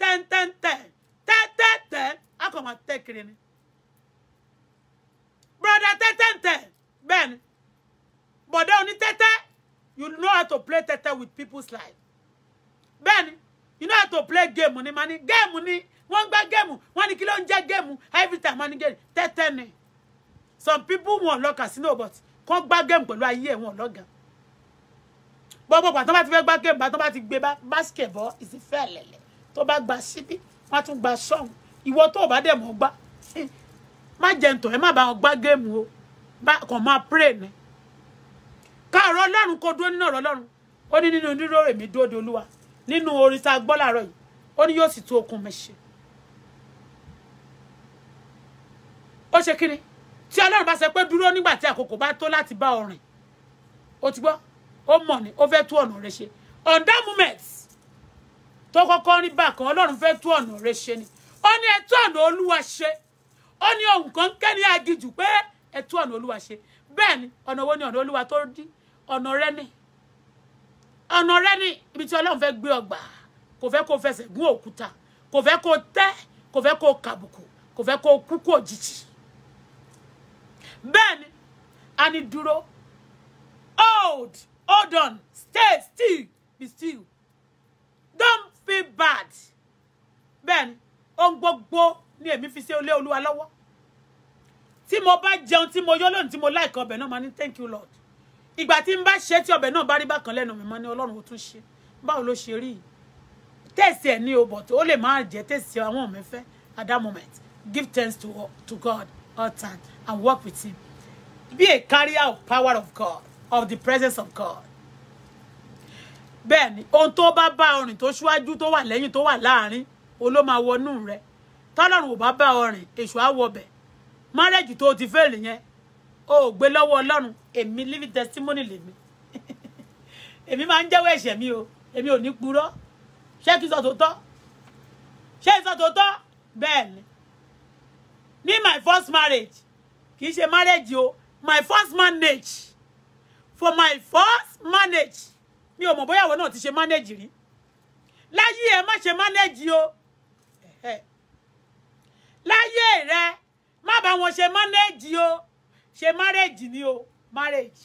tẹ́ńtẹ́ńtẹ́ tẹ́tẹ́tẹ́ a kò máa tẹ́ kiri ni broda tẹ́tẹ́ńtẹ́ bẹ́ẹ̀ ni bọ̀dá oní tẹ́tẹ́ you know how to play tẹ́tẹ́ with people's life bẹ́ẹ̀ you know how to play game ni mani game ni wọ́n gbá géèmù wọ́n ní kí ló ń jẹ́ every time wọ́n ní géèmù tẹ́tẹ́ some people wọn lọ casino but kàn gbá géèmù pẹ̀lú ayé ẹ̀ wọn lọ́gàá gbogbo pàtó bá ti fẹ́ gbá géèmù pàtó bá ti gbé basketball ìsìfẹ́ lẹ̀lẹ̀ tó bá gba síbí wọ́n á tún gba sọ́hùn ìwọ tó o bá dẹ̀ mọ́ gbá eh, má jẹ̀ǹtọ̀ ẹ má bá wọn gbá géèmù o kàn máa pray ni káàárọ̀ ọlọ́run kò dúró nínú ọ̀rọ̀ ọlọ́run ó ní nínú dúró èmi dúró de olúwa nínú orin tá a gbọ́ làárọ̀ yìí ó ní yóò sì tó okun mi ṣe ó ṣe kí ni tí ọlọ́run bá ṣe pé dúró nígbà tí àkókò bá tó láti bá ọrìn ó ti gbọ́ ó mọ̀ ni ó fẹ́ tú ọ̀nà rẹ̀ ṣe on that moment tó kọ́kọ́ rí bákan ọlọ́run fẹ́ tú ọ̀nà rẹ ṣe ni ó ní ẹ tú ọ̀nà olúwa ṣe ó ní ohun kan kẹ́ni agijù pé ẹ tú ọ̀nà olúwa ṣe bẹ́ẹ̀ ni ọ̀nà wo ni ọ̀nà olúwa tó dí ọ̀nà rẹ ni ọ̀nà rẹ ni ibi tí ọlọ́run fẹ́ gbé ọgbà kò fẹ́ kó fẹsẹ̀ gún òkúta kò fẹ́ kó tẹ́ kò fẹ́ kó kàbùkù kò fẹ́ kó kú kó jìjì bẹ́ẹ̀ ni a ní dúró hold hold on stay still be still feel bad Ben. ni ohun gbogbo ni èmi fi ṣe olé olúwa lọ́wọ́ tí mo bá jẹun tí mo yó lónìí tí mo láìka ọbẹ̀ náà máa ní thank you lord ìgbà tí n bá ṣe tí ọbẹ̀ náà bá rí bákan lẹ́nu mi máa ní ọlọ́run ó tún ṣe báwo ló ṣe rí tẹ̀sí ẹ̀ ní o but ó lè máa jẹ́ tẹ̀sí àwọn mi fẹ́ at that moment give thanks to, to God all time and work with him be a carrier of power of God of the presence of God bẹ́ẹ̀ ni ohun tó bá bá ọrìn tó ṣíwájú tó wà lẹ́yìn tó wà láàrin o ló máa wọnú rẹ tọ́lọ́run ò bá bá ọrìn èṣù á wọ bẹ̀ márẹ́jì tó ti fẹ́ẹ̀lì yẹn o ò gbé lọ́wọ́ ọlọ́run èmi living testimony lèmi èmi máa ń jẹ́wọ́ ẹ̀ṣẹ̀ mi o èmi ò ní purọ́ ṣé kí n sọ tòótọ́ ṣé n sọ tòótọ́ bẹ́ẹ̀ ni ní my first marriage kì í ṣe marriage o my first marriage for my first marriage mi ò mọ̀ bóyá àwọn náà ti ṣe manage rí láyé ẹ má ṣe manage o láyé rẹ má bá wọn ṣe manage o ṣe marriage ni o marriage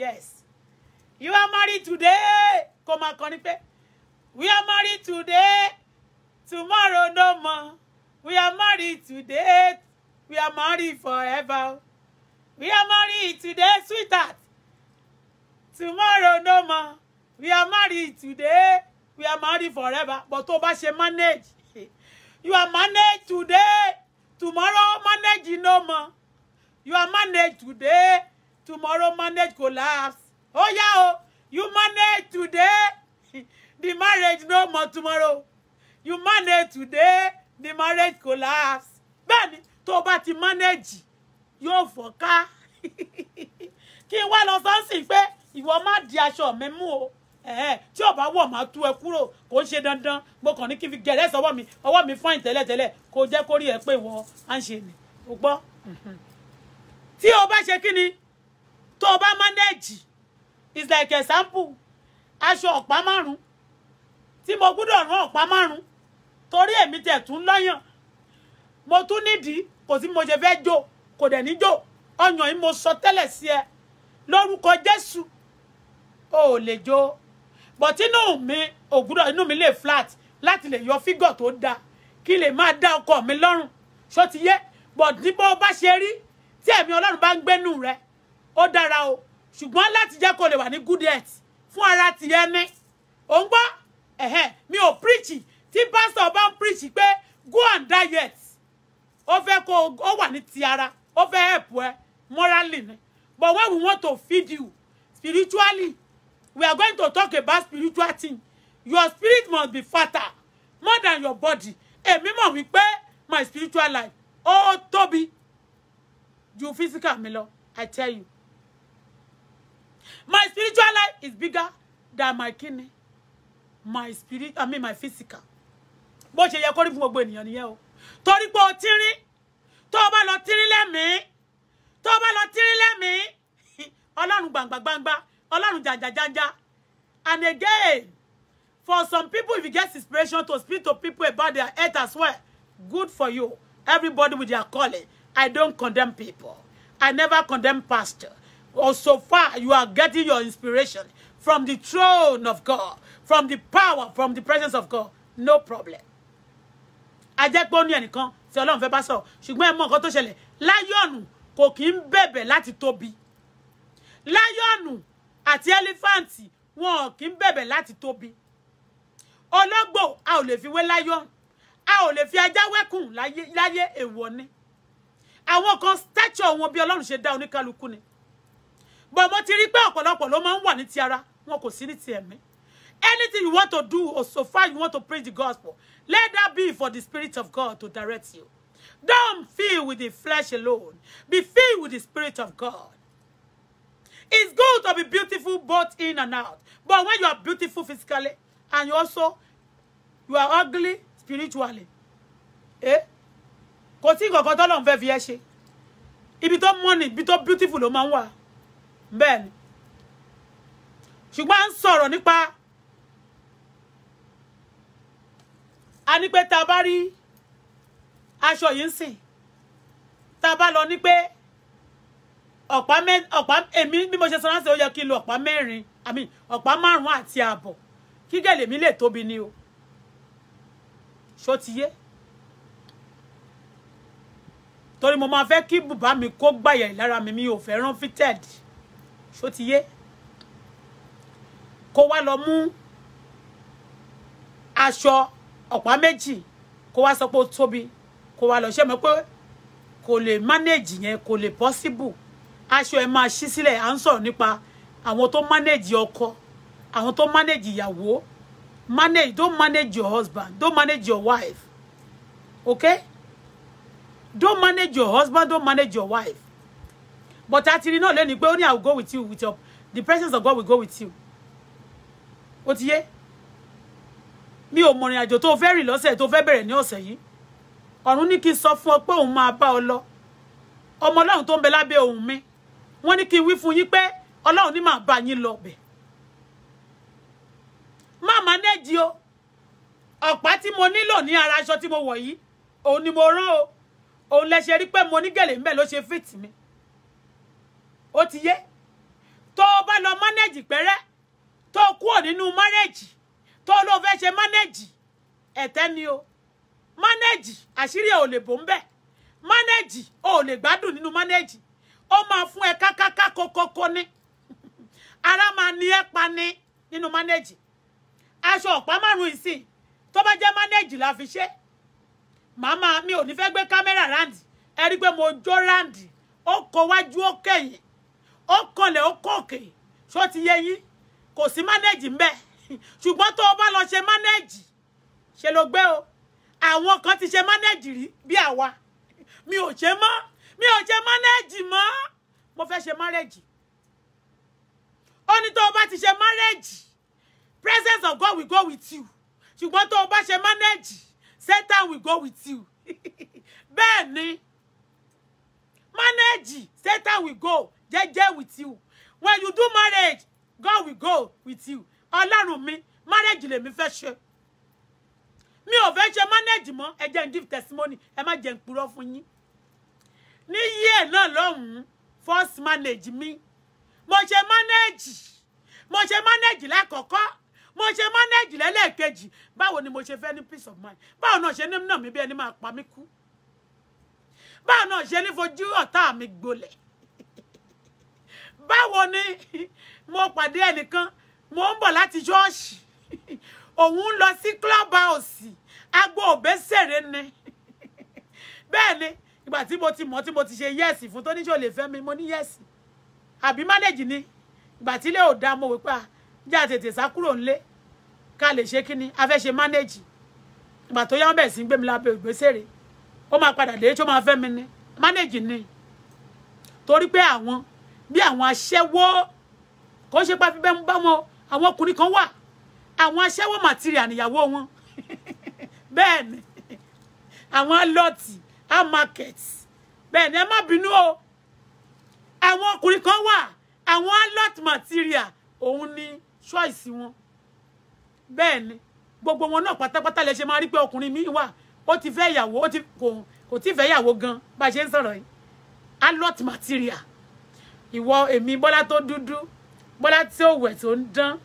yes you are married today kò máa kọrin we are married today tomorrow no more we are married today we are married forever we are married today sweetheart tomorrow no more we are married today we are married forever but tó bá ṣe manage you are managed today tomorrow manage no more you are managed today tomorrow manage collapse oh yeah oh you manage today the marriage no more tomorrow you manage today the marriage collapse bẹ́ẹ̀ni tó bá ti manage yóò fọ́ká kí wa wá lọ sọ́nsìn pé ìwọ má di aṣọ mi mú o tí ó bá wọ̀ máa tú ẹ kúrò kò ń ṣe dandan mo kàn ní kí n fi gẹ̀rẹ́ sọ́wọ́ mi ọwọ́ mi fáìn tẹ́lẹ̀tẹ́lẹ̀ kò jẹ́ kó rí ẹ pé wọ́n á ń ṣe nì ó gbọ́. Mhm. tí o bá ṣe kí ni tó o bá manage is like example aṣọ ọ̀pá márùn-ún tí mo gbúdọ̀ rán ọ̀pá márùn-ún torí èmi tẹ̀ tún lọ́yàn mo tún nídìí kò sí mo ṣe fẹ́ jó kò dẹ̀ ní jó ọyàn yìí mo sọ tẹ́lẹ̀ sí ẹ lórúkọ Jésù o ò lè jó but inú mi ògúdọ̀ inú mi lè flat láti lè yọ fígọ̀ tó dáa kí lè máa dá ọkọ mi lọ́rùn ṣó ti yé but ní bó bá ṣe rí tí ẹ̀mí ọlọ́run bá ń gbénú rẹ ó dára o ṣùgbọ́n láti jẹ́ kó lè wà ní good health fún ara tìyẹ ní ò ń gbọ́ ẹ̀hẹ́n mi ò preach tí pastor bá ń preach pé go and diet ó fẹ́ kó ó wà ní ti ara ó fẹ́ help ẹ morally ni but when we want to feed you spiritually we are going to talk about spiritual thing your spirit must be fatter more than your body èmi mọ̀ wípé my spiritual life ó tóbi ju physical mi lọ i tell you my spiritual life is bigger than my kidney my spirit i mean my physical bó ṣe yẹ kó rí fún gbogbo ènìyàn nìyẹn o torí pé o tírín tó o bá lọ tírín lẹ́mìí tó o bá lọ tírín lẹ́mìí ọlọ́run gbàǹgbàǹgbàǹgbà ọlọ́run jàjàjàjà and again for some people if you get inspiration to speak to people about their health as well good for you everybody with their calling i don't condemn people i never condemn pastor or so far you are getting your inspiration from the throne of god from the power from the presence of god no problem ajẹ́pẹ́ ó ní ẹnìkan tí ọlọ́run fẹ́ bá sọ̀rọ̀ ṣùgbọ́n ẹ mọ nǹkan tó ṣẹlẹ̀ láyọ̀nù kò kí ń bẹ̀bẹ̀ láti tóbi láyọ̀nù àti ẹlífàǹtì wọn ò kí ń bẹ̀bẹ̀ láti tóbi ológbò a ò lè fi wé láyọ̀ a ò lè fi ajá wẹ́kùn láyé èèwọ̀ ni àwọn kan stature wọn bí ọlọ́run ṣe dá oníkálukú ni but mo ti rí pé ọ̀pọ̀lọpọ̀ ló máa ń wà ní ti ara wọn kò sí ní ti ẹ̀mí anything you want to do or so far you want to preach the gospel let that be for the spirit of God to direct you don't feel with the flesh alone be filled with the spirit of God It's good to be beautiful both in and out. But when you are beautiful physically and you also you are ugly spiritually. Eh? Kò sí nǹkan kan tọ́lọ́run fi ẹ́ ṣe. Ibi to money, bi to beautiful ló máa ń wà. Bẹ́ẹ̀ ni. Ṣùgbọ́n à ń sọ̀rọ̀ nípa a ní pé tá a bá rí aṣọ ọ̀pá mẹ́ ọ̀pá èmi bí mo ṣe sọ láti ó yẹ kí n lo ọ̀pá mẹ́rin àmì ọ̀pá márùn-ún àti ààbọ̀ kí gèlè mi lè tóbi ni o ṣó ti yé torí mo máa fẹ́ kí bùbá mi kó gbàyà lára mi mi ò fẹ́ràn fitted ṣó ti yé kó wá lọ mú aṣọ ọ̀pá méjì kó wá sọ pé ó tóbi kó wá lọ ṣe mọ́ pé kò lè manage yẹn kò lè possible aṣọ ẹ máa ṣí sílẹ̀ à ń sọ̀rọ̀ nípa àwọn tó manage ọkọ àwọn tó manage ìyàwó manage don't manage your husband don't manage your wife okay don't manage your husband don't manage your wife but àtìrí náà lẹ́nu pé ó ní I will go with you with your the presence of God will go with you ó ti yé mi ò mọ̀rìn àjò tó fẹ́ rìn lọ́sẹ̀ tó fẹ́ bẹ̀rẹ̀ ní ọ̀sẹ̀ yìí ọ̀run ní kí n sọ fún ọ pé òun máa bá ọ lọ ọmọ ọlọ́run tó ń bẹ lábẹ́ ohùn mi wọ́n ní kí n wí fún yín pé ọlọ́run ní màá bá yín lọ bẹ̀ má manẹ́jì o ọ̀pá tí mo nílò ní ara aṣọ tí mo wọ̀ yìí òun ni mo rán o òun lẹ ṣe rí pé mo ní gèlè ńbẹ̀ ló ṣe fìtì mi ó ti yé tó o bá lọ manẹ́jì pẹ́rẹ́ tó o kúrò nínú márẹ́jì tó o lọ fẹ́ ṣe manẹ́jì ẹ̀tẹ́ ni o manẹ́jì àṣírí ẹ̀ ò lè bò ń bẹ̀ ò lè gbádùn nínú manẹ́jì ó máa fún ẹ kákáká kokoko ní ara máa ní ẹ pa ní nínú manage aṣọ ọ̀pá márùn-ún ìsìn tó bá jẹ́ manage la fi ṣe màmá mi ò ní fẹ́ gbé kámẹ́rà ráǹdì ẹ rí i pé mo jó ráǹdì ó kọ wájú ó kẹ̀yìn ó kọlẹ̀ ó kọ̀kè ṣó ti yé yín kò sí manage ń bẹ ṣùgbọ́n tó o bá lọ ṣe manage ṣe ló gbé o àwọn kan ti ṣe manage rí bí àwa mi ò ṣe mọ́ mi ò ṣe mánẹ́ẹ̀jì mọ́ mo fẹ́ ṣe márẹ́ẹ̀jì ó ní tó ti ṣe márẹ́ẹ̀jì presence of God will go with you ṣùgbọ́n tó o bá ṣe mánẹ́ẹ̀jì Satan will go with you bẹ́ẹ̀ ni mánẹ́ẹ̀jì Satan will go jẹ́jẹ́ with you when you do marriage God will go with you ọlọ́run mi márẹ́ẹ̀jì lèmi fẹ́ ṣe mi ò fẹ́ ṣe mánẹ́ẹ̀jì mọ́ ẹ jẹ́ give testimony ẹ má jẹ́ n purọ́ fún ní yíẹ̀ náà lọ́hùn first manage mi mo ṣe manage mo ṣe manage lákọ̀ọ́kọ́ mo ṣe manage lẹ́lẹ́ẹ̀kejì báwo ni mo ṣe fẹ́ ní peace of mind báwo náà ṣe ní nà mí bí ẹni máa pa mí kú báwo náà ṣe ní fojú ọ̀tá mi gbolẹ̀ báwo ni mo pàdé ẹnìkan mo ń bọ̀ láti ṣọ́ọ̀ṣì òun ń lọ sí club house agbo òbẹ́sẹ̀rẹ̀ ni bẹ́ẹ̀ ni ìgbà tí mo ti mọ̀ tí mo ti ṣe yẹ́ẹ̀sì fún tó níṣó lè fẹ́ mi mo ní yẹ́ẹ̀sì àbí mánèjì ni ìgbà tí ilé ò da mo wí pa ah, já tètè sá kúrò ńlé ká lè ṣe kíni a fẹ́ ṣe mánèjì ìgbà tó yá wọn bẹ̀rẹ̀ sí gbé mi lábẹ́ ògbésèrè ó máa padà dé tí ó máa fẹ́ mi ni mánèjì ni torí pé àwọn bí àwọn aṣẹ́wó kò ṣe pa fífẹ́ mú bá wọn àwọn ọkùnrin kan wà àwọn aṣẹ́wó màtíríà níyàwó wọn bẹ́ẹ̀ ni àwọn lọ́ọ̀tì our market bẹ́ẹ̀ ni ẹ má bínú o àwọn ọkùnrin kan wà àwọn alert material òun ni choice wọn bẹ́ẹ̀ ni gbogbo wọn náà pátápátá lè ṣe máa rí pé ọkùnrin mi wà ó ti fẹ́ ìyàwó ó ti kò kò tí fẹ́ ìyàwó gan bá a ṣe ń sọ̀rọ̀ yìí alert material ìwọ èmi bọ́lá tó dúdú bọ́lá tí ó wẹ̀ tó ń dán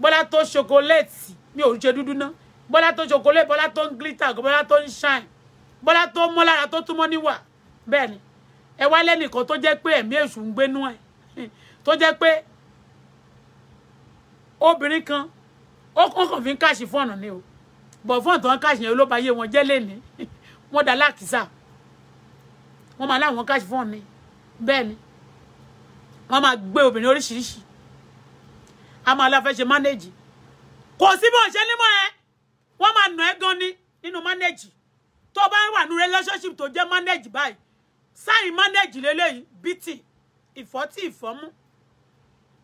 bọ́lá tó ṣokoléètì mi ò ṣe dúdú ná bọ́lá tó ṣokoléètì bọ́lá tó ń glitter bọ́lá tó ń shine bọ́lá tó mọ́ lára tó túmọ̀ níwà bẹ́ẹ̀ ni ẹ wá lẹ́nìkan tó jẹ́ pé ẹ̀mí èṣù ń gbénú ẹ̀ tó jẹ́ pé obìnrin kan ó kàn fi ń káàṣì fọ́ọ̀nù ni o bọ̀ fọ́ọ̀nù tó ń káàṣì yẹn ló yé wọn jẹ́ lẹ́ni wọ́n dá lákìsà wọ́n máa láwọn káàṣì fọ́ọ̀nù ni bẹ́ẹ̀ ni wọ́n máa gbé obìnrin oríṣiríṣi a máa la fẹ́ ṣe mánéèjì kò sí bó ṣe nímọ̀ ẹ wọ́n máa nà ẹ́ gan ni nínú mánéèjì tó bá wà ní relationship tó jẹ́ manage báyìí sáyìn manage lélẹ́yìn bìtì ìfọ́ tí ìfọ́ mú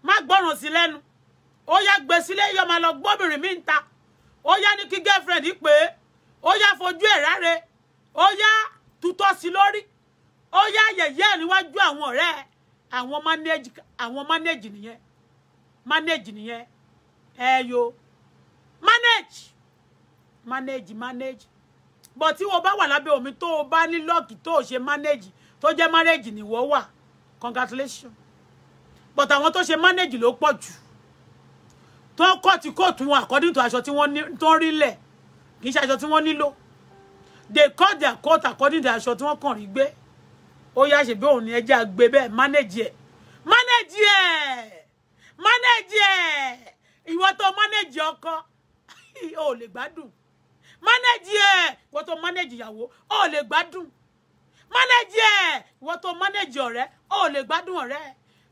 má gbọ́ràn sí lẹ́nu ó yá gbé sílé yọ máa lọ gbóbìnrin mi ń ta ó yá ní kí girlfriend pé ó yá fojú ẹ̀ ráre ó yá tutọ́ sí lórí ó yá yẹ̀yẹ́ ẹ̀ níwájú àwọn ọ̀rẹ́ ẹ̀ àwọn manage àwọn manage nìyẹn manage nìyẹn ẹ yo manage manage manage bọ̀ tí o bá wà lábẹ́ omi tó o bá ní lọ́ọ̀kì tó o ṣe manage tó jẹ́ manage ni wọ́n wà congratulations but àwọn tó ṣe manage ló pọ̀ jù tó ń kọ́ ti kóòtù wọn according to aṣọ tí wọ́n rí lẹ̀ kì í ṣe aṣọ tí wọ́n nílò they cut their court according to aṣọ tí wọ́n kàn rí gbé ó yá ṣe bí òun ni ẹjẹ́ àgbẹ̀ bẹ́ẹ̀ manage ẹ̀ manage ẹ̀ manage ẹ̀ ìwọ tó manage ọkọ ò lè gbádùn manage ẹ̀ wọ́n tó manage ìyàwó ó lè gbádùn manage ẹ̀ ìwọ tó manage ọ̀rẹ́ ó lè gbádùn ọ̀rẹ́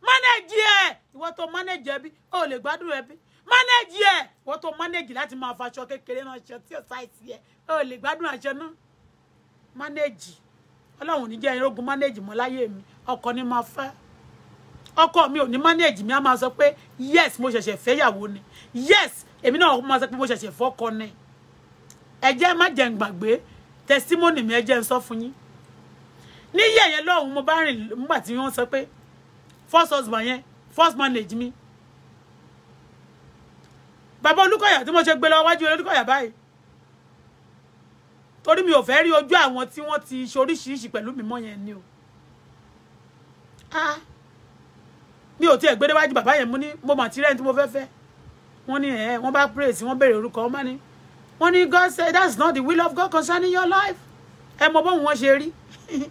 manage ẹ̀ ìwọ tó manage ẹbí ó lè gbádùn ẹbí manage ẹ̀ ìwọ tó manage láti máa faṣọ kékeré náà ṣe tí ọ̀sá ìsì ẹ̀ ó lè gbádùn aṣọ náà manage ọlọ́run ò ní jẹ́ irógun manage mọ́ láyé mi ọkọ ni máa fẹ́ ọkọ mi ò ní manage mi á máa sọ pé yes mo ṣẹ̀ṣẹ̀ fẹ́yàwó ni yes èmi náà máa sọ pé mo ṣẹ̀ṣẹ̀ fọ́kọ ni ẹ jẹ́ má jẹ́ ń gbàgbé testimony mi ẹ jẹ́ ń sọ fún yín ní yẹ̀yẹ́ lọ́hùn mo bá rìn nígbà tí wọ́n sọ pé first husband yẹn first marriage mi bàbá Olúkọ̀yà tí mo ṣe gbé lọ wájú Olúkọ̀yà báyìí torí mi ò fẹ́ rí ojú àwọn tí wọ́n ti ṣoríṣiríṣi pẹ̀lú mi mọ́ yẹn ni o mi ò tiẹ̀ gbé déwájú bàbá yẹn mo ní mo mà ti rẹ́ni tí mo fẹ́ fẹ́ wọ́n ní ẹ̀ wọ́n bá praise wọ́n béèrè orúkọ wọ́n bá ní wọ́n ní God say that's not the will of God concerning your life ẹ mọ bóun wọ́n ṣe rí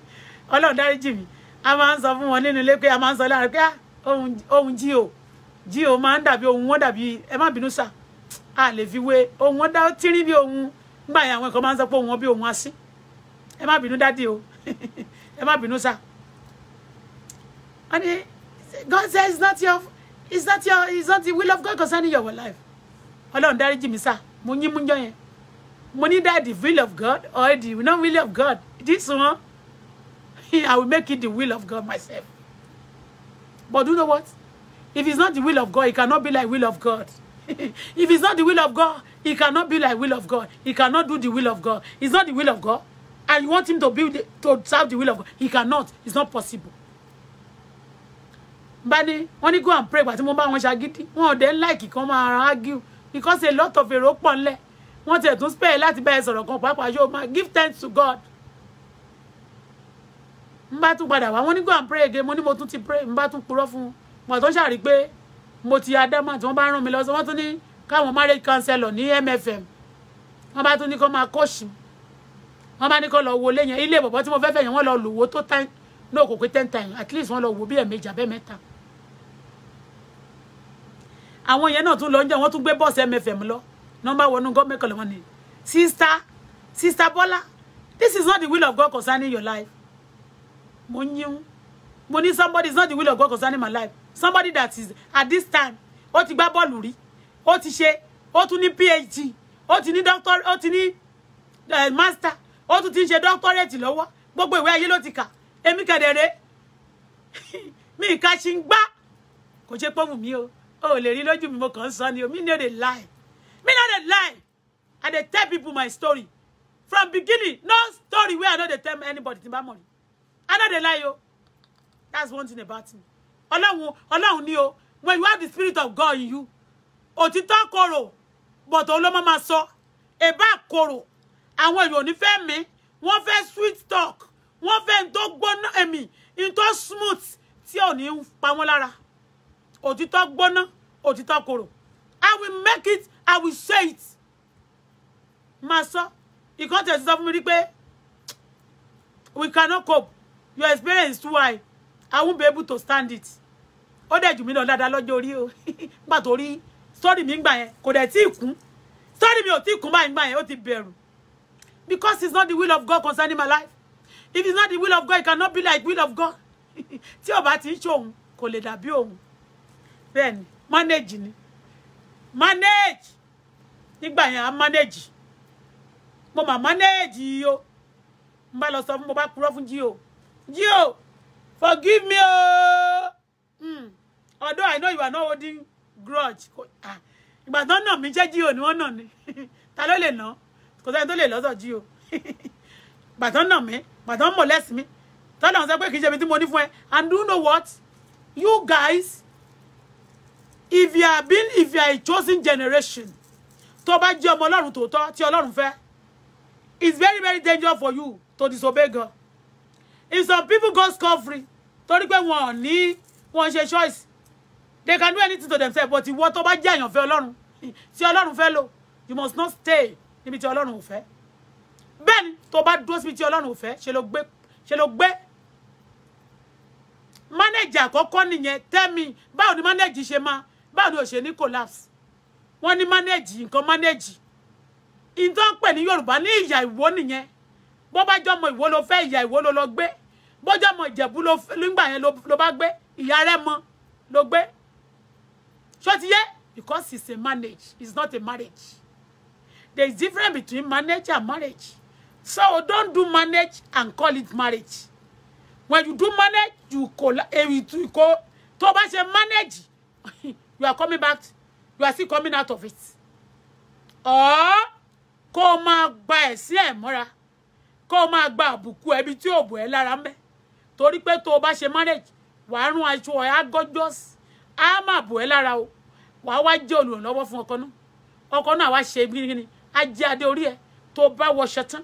ọlọ́run dáríjì mi a máa ń sọ fún wọn nínú ilé pé a máa ń sọ láàrin pé ah, ohun jí o jí o máa ń dàbí ohun wọn dàbí ẹ má bínú sà a lè fi wé ohun wọn dá tírín bí ohun nígbà yẹn àwọn ẹ̀kọ́ máa ń sọ pé ohun wọn bí ohun wá ẹ má bínú dádì o ẹ má bínú sà wọ́n God says it's not your it's not your it's not the will of God concerning your life ọlọ́run dáríjì mi sà mo yín mú jọyẹn mo ní that the will of God or the not will of God this one I will make it the will of God myself but do you know what if it's not the will of God it cannot be like will of God if it's not the will of God it cannot be like will of God he cannot do the will of God it's not the will of God and you want him to be to serve the will of God he cannot it's not possible bá ní wọ́n go and pray pàtí mo bá wọn ṣagídí wọn ò dé like kan máa argue because a lot of èrò pọ̀ ńlẹ̀ wọ́n ti ẹ̀tún spare láti bẹ́ẹ̀ sọ̀rọ̀ kan pàápàá yóò máa give thanks to God n bá tún padà wá wọn go and pray again mo ní mo tún ti pray n bá tún purọ́ fún un wọn tó ṣàrí pé mo ti adama tí wọ́n bá ràn mí lọ sọ wọ́n tún ní káwọn marriage counselor ní MFM wọ́n bá tún ní kó máa coach wọ́n bá ní kó lọ wo léyìn ilé bọ̀bọ̀ tí mo fẹ́ fẹ́ yẹn wọ́n lọ lò wó tó tán ní òkòkò ten times at least wọ́n lọ wo bí ẹ̀ẹ̀mejì abẹ́mẹ́ta àwọn yẹn náà tún lọ ń jẹ wọn tún gbé bọ́ọ̀sì mfm lọ nọmba wọnú gọọmẹkọ lọwọ ni sista sista Bọ́lá this is not the will of God concerning your life mo yín mo ní somebody is not the will of God concerning my life somebody that is at this time ó ti gbá bọ́ọ̀lù rí ó ti ṣe ó tún ní phd ó ti ní doctor ó ti ní eh, master ó tún ti ń ṣe doctorate lọ́wọ́ gbogbo ìwé ayé ló ti kà èmi kẹ̀dẹ̀ rèé mi ìka ṣì ń gbá kò ṣe pọ́nmù mi o. Oh, lè rí lójú mi mo kàn ń sọ ni o mi no dey lie me no dey lie i dey tell people my story from beginning no story wey i no dey tell anybody tí n money. mọ̀ i no dey lie o that's one thing about me ọlọ́run ọlọ́run ni o when you have the spirit of God in you òtítọ́ korò bọ̀tọ̀ olómọ máa sọ èbá korò àwọn èèyàn ò ní fẹ́ mi wọ́n fẹ́ sweet talk wọ́n fẹ́ n tó gbóná èmi n tó smooth tí ò ní pa wọ́n lára òtítọ́ gbóná òtítọ́ korò i will make it i will say it máa sọ ìkọ́tẹ̀ ti sọ fún mi rí we cannot cope your experience too high i won't be able to stand it ó dẹ̀ jù mí lọ dáadáa lọ́jọ́ orí o nígbà tó Sorry, sọ́ọ̀rì mi gbà yẹn kò dẹ̀ tí ì kún sọ́ọ̀rì mi ò tí ì kún báyìí gbà yẹn ó ti bẹ̀rù because it's not the will of God concerning my life if it's not the will of God it cannot be like will of God tí ó bá ti ń ṣòun kò lè dàbí òun bẹ́ẹ̀ ni manage ni manage nígbà yẹn a manage mo mà manage yìí o n bá lọ sọ fún mo bá purọ́ fún jíò jíò forgive me o mm. although I know you are not holding grudge ìgbà tán nà mí jẹ́ jíò ni wọ́n nà ni ta ló lè nà kò sẹ́ni tó lè lọ́sọ̀ jíò ìgbà tán nà mí ìgbà tán mọ̀ lẹ́sìn mi tọ́lá ń sọ pé kì í ṣe ibi tí mo ní fún ẹ and do you know what you guys if you are being if you are a chosen generation tó bá jẹ́ ọmọ ọlọ́run tòótọ́ tí ọlọ́run fẹ́ it's very very dangerous for you to disobey God if some people go scot free torí pé wọn ò ní wọn ṣe choice they can do anything to themselves but ìwọ tó bá jẹ́ àyànfẹ́ ọlọ́run tí ọlọ́run fẹ́ lo, you must not stay níbi tí ọlọ́run ò fẹ́ bẹ́ẹ̀ ni tó bá dúró síbi tí ọlọ́run ò fẹ́ ṣe ló gbé ṣe ló gbé manager àkọ́kọ́ nìyẹn tell me báwo ni manager ṣe máa báwo ni ò ṣe ní collapse wọ́n ní manage nǹkan manage ìtọ́ ń pè ní yorùbá ní ìyà ìwó nìyẹn bó bá jọmọ ìwó ló fẹ́ ìyà ìwó ló lọ gbé bó jọmọ ìjẹ̀bú nígbà yẹn ló bá gbé ìyá rẹ̀ mọ ló gbé ṣó because it's a manage it's not a marriage there is difference between manage and marriage so don't do manage and call it marriage when you do manage you call èyí eh, tó bá ṣe manage you are coming back you are still coming out of it or kó o máa gba ẹ̀sìn ẹ̀ mọ́ra kó o máa gba àbùkù ẹbí tí ò bù ẹ́ lára mẹ́ torí pé tó o bá ṣe marriage wàá rún aṣọ ẹ̀ á gọ́jọ́ á má bù ẹ́ lára o wàá wá jẹ́ olùrànlọ́wọ́ fún ọkọ náà ọkọ náà wàá ṣe gbinigbini á jẹ́ adé orí ẹ̀ tó bá wọṣọ tán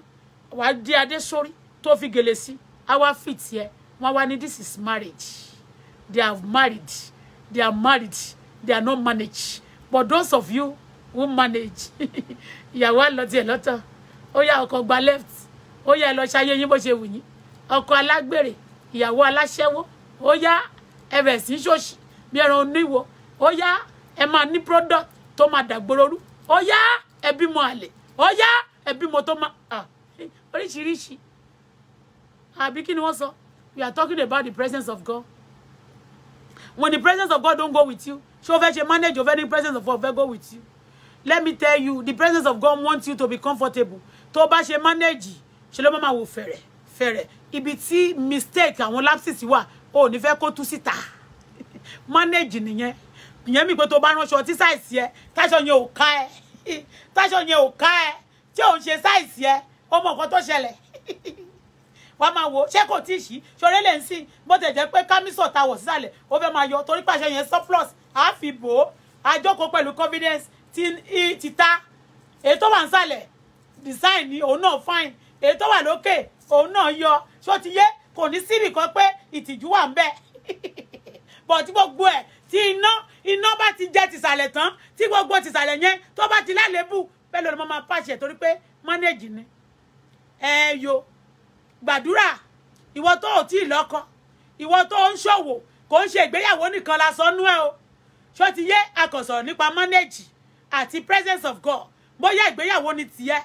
wàá dé adé sórí tó fi gèlè sí á wá fìtì ẹ̀ wọ́n wá ní this is marriage they are married they are married they are not managed but those of you who manage ìyàwó àlọ́tì ẹ̀ lọ́tọ̀ ó yá ọkọ gba left ó yá ẹ lọ ṣayé yín bó ṣe wù yín ọkọ alágbèrè ìyàwó aláṣẹ́wó ó yá ẹ̀rẹ̀ sí ṣòṣì bí ẹran oníwo ó yá ẹ máa ní product tó máa dàgbòrorú ó yá ẹ bímọ àlè ó yá ẹ bímọ tó máa oríṣiríṣi àbí kí ni wọ́n sọ we are talking about the presence of God When the presence of God don't go with you, show that you manage your very presence of God go with you. Let me tell you, the presence of God wants you to be comfortable. Tó bá ṣe manage, ṣe ló máa wò fẹ̀rẹ̀ fẹ̀rẹ̀. Ibi tí mistake àwọn lapses wà, ò ní fẹ́ kó tú síta. Manage nìyẹn. Ìyẹn mi pé tó bá ránṣọ tí size yẹ, táṣọ yẹn ò ká ẹ. Táṣọ yẹn ò ká ẹ. Tí ò ń ṣe size yẹ, omo mọ nǹkan tó wàá máa wò ṣé kò tí ì sí ṣoré lè ń sìn bó tẹ̀ jẹ́ pé kámísọ̀ ta wọ̀ sísàlẹ̀ ó fẹ́ máa yọ torí pàṣẹ yẹn surplus àáfìbò àjọkọ̀ pẹ̀lú confidence ti ta èyí tó wà ń sàlẹ̀ design ni òun náà fine èyí tó wà lókè òun náà yọ ṣó ti yé kò ní síbì kan pé ìtìjú wà ń bẹ bọ̀ tí gbogbo ẹ̀ tí iná iná bá ti jẹ́ tìsàlẹ̀ tán tí gbogbo tìsàlẹ̀ yẹn tó bá ti lálébù bẹ́ẹ̀ ló ni mo máa pàṣẹ torí pé manage ni ẹ yo gbàdúrà ìwọ tó ò tí ì lọ́kọ ìwọ tó ń ṣòwò kò ń ṣe ìgbéyàwó nìkan la sọ nú ẹ o ṣó ti yé akọ̀sọ̀rọ̀ nípa manage àti presence of God bóyá ìgbéyàwó ni tìẹ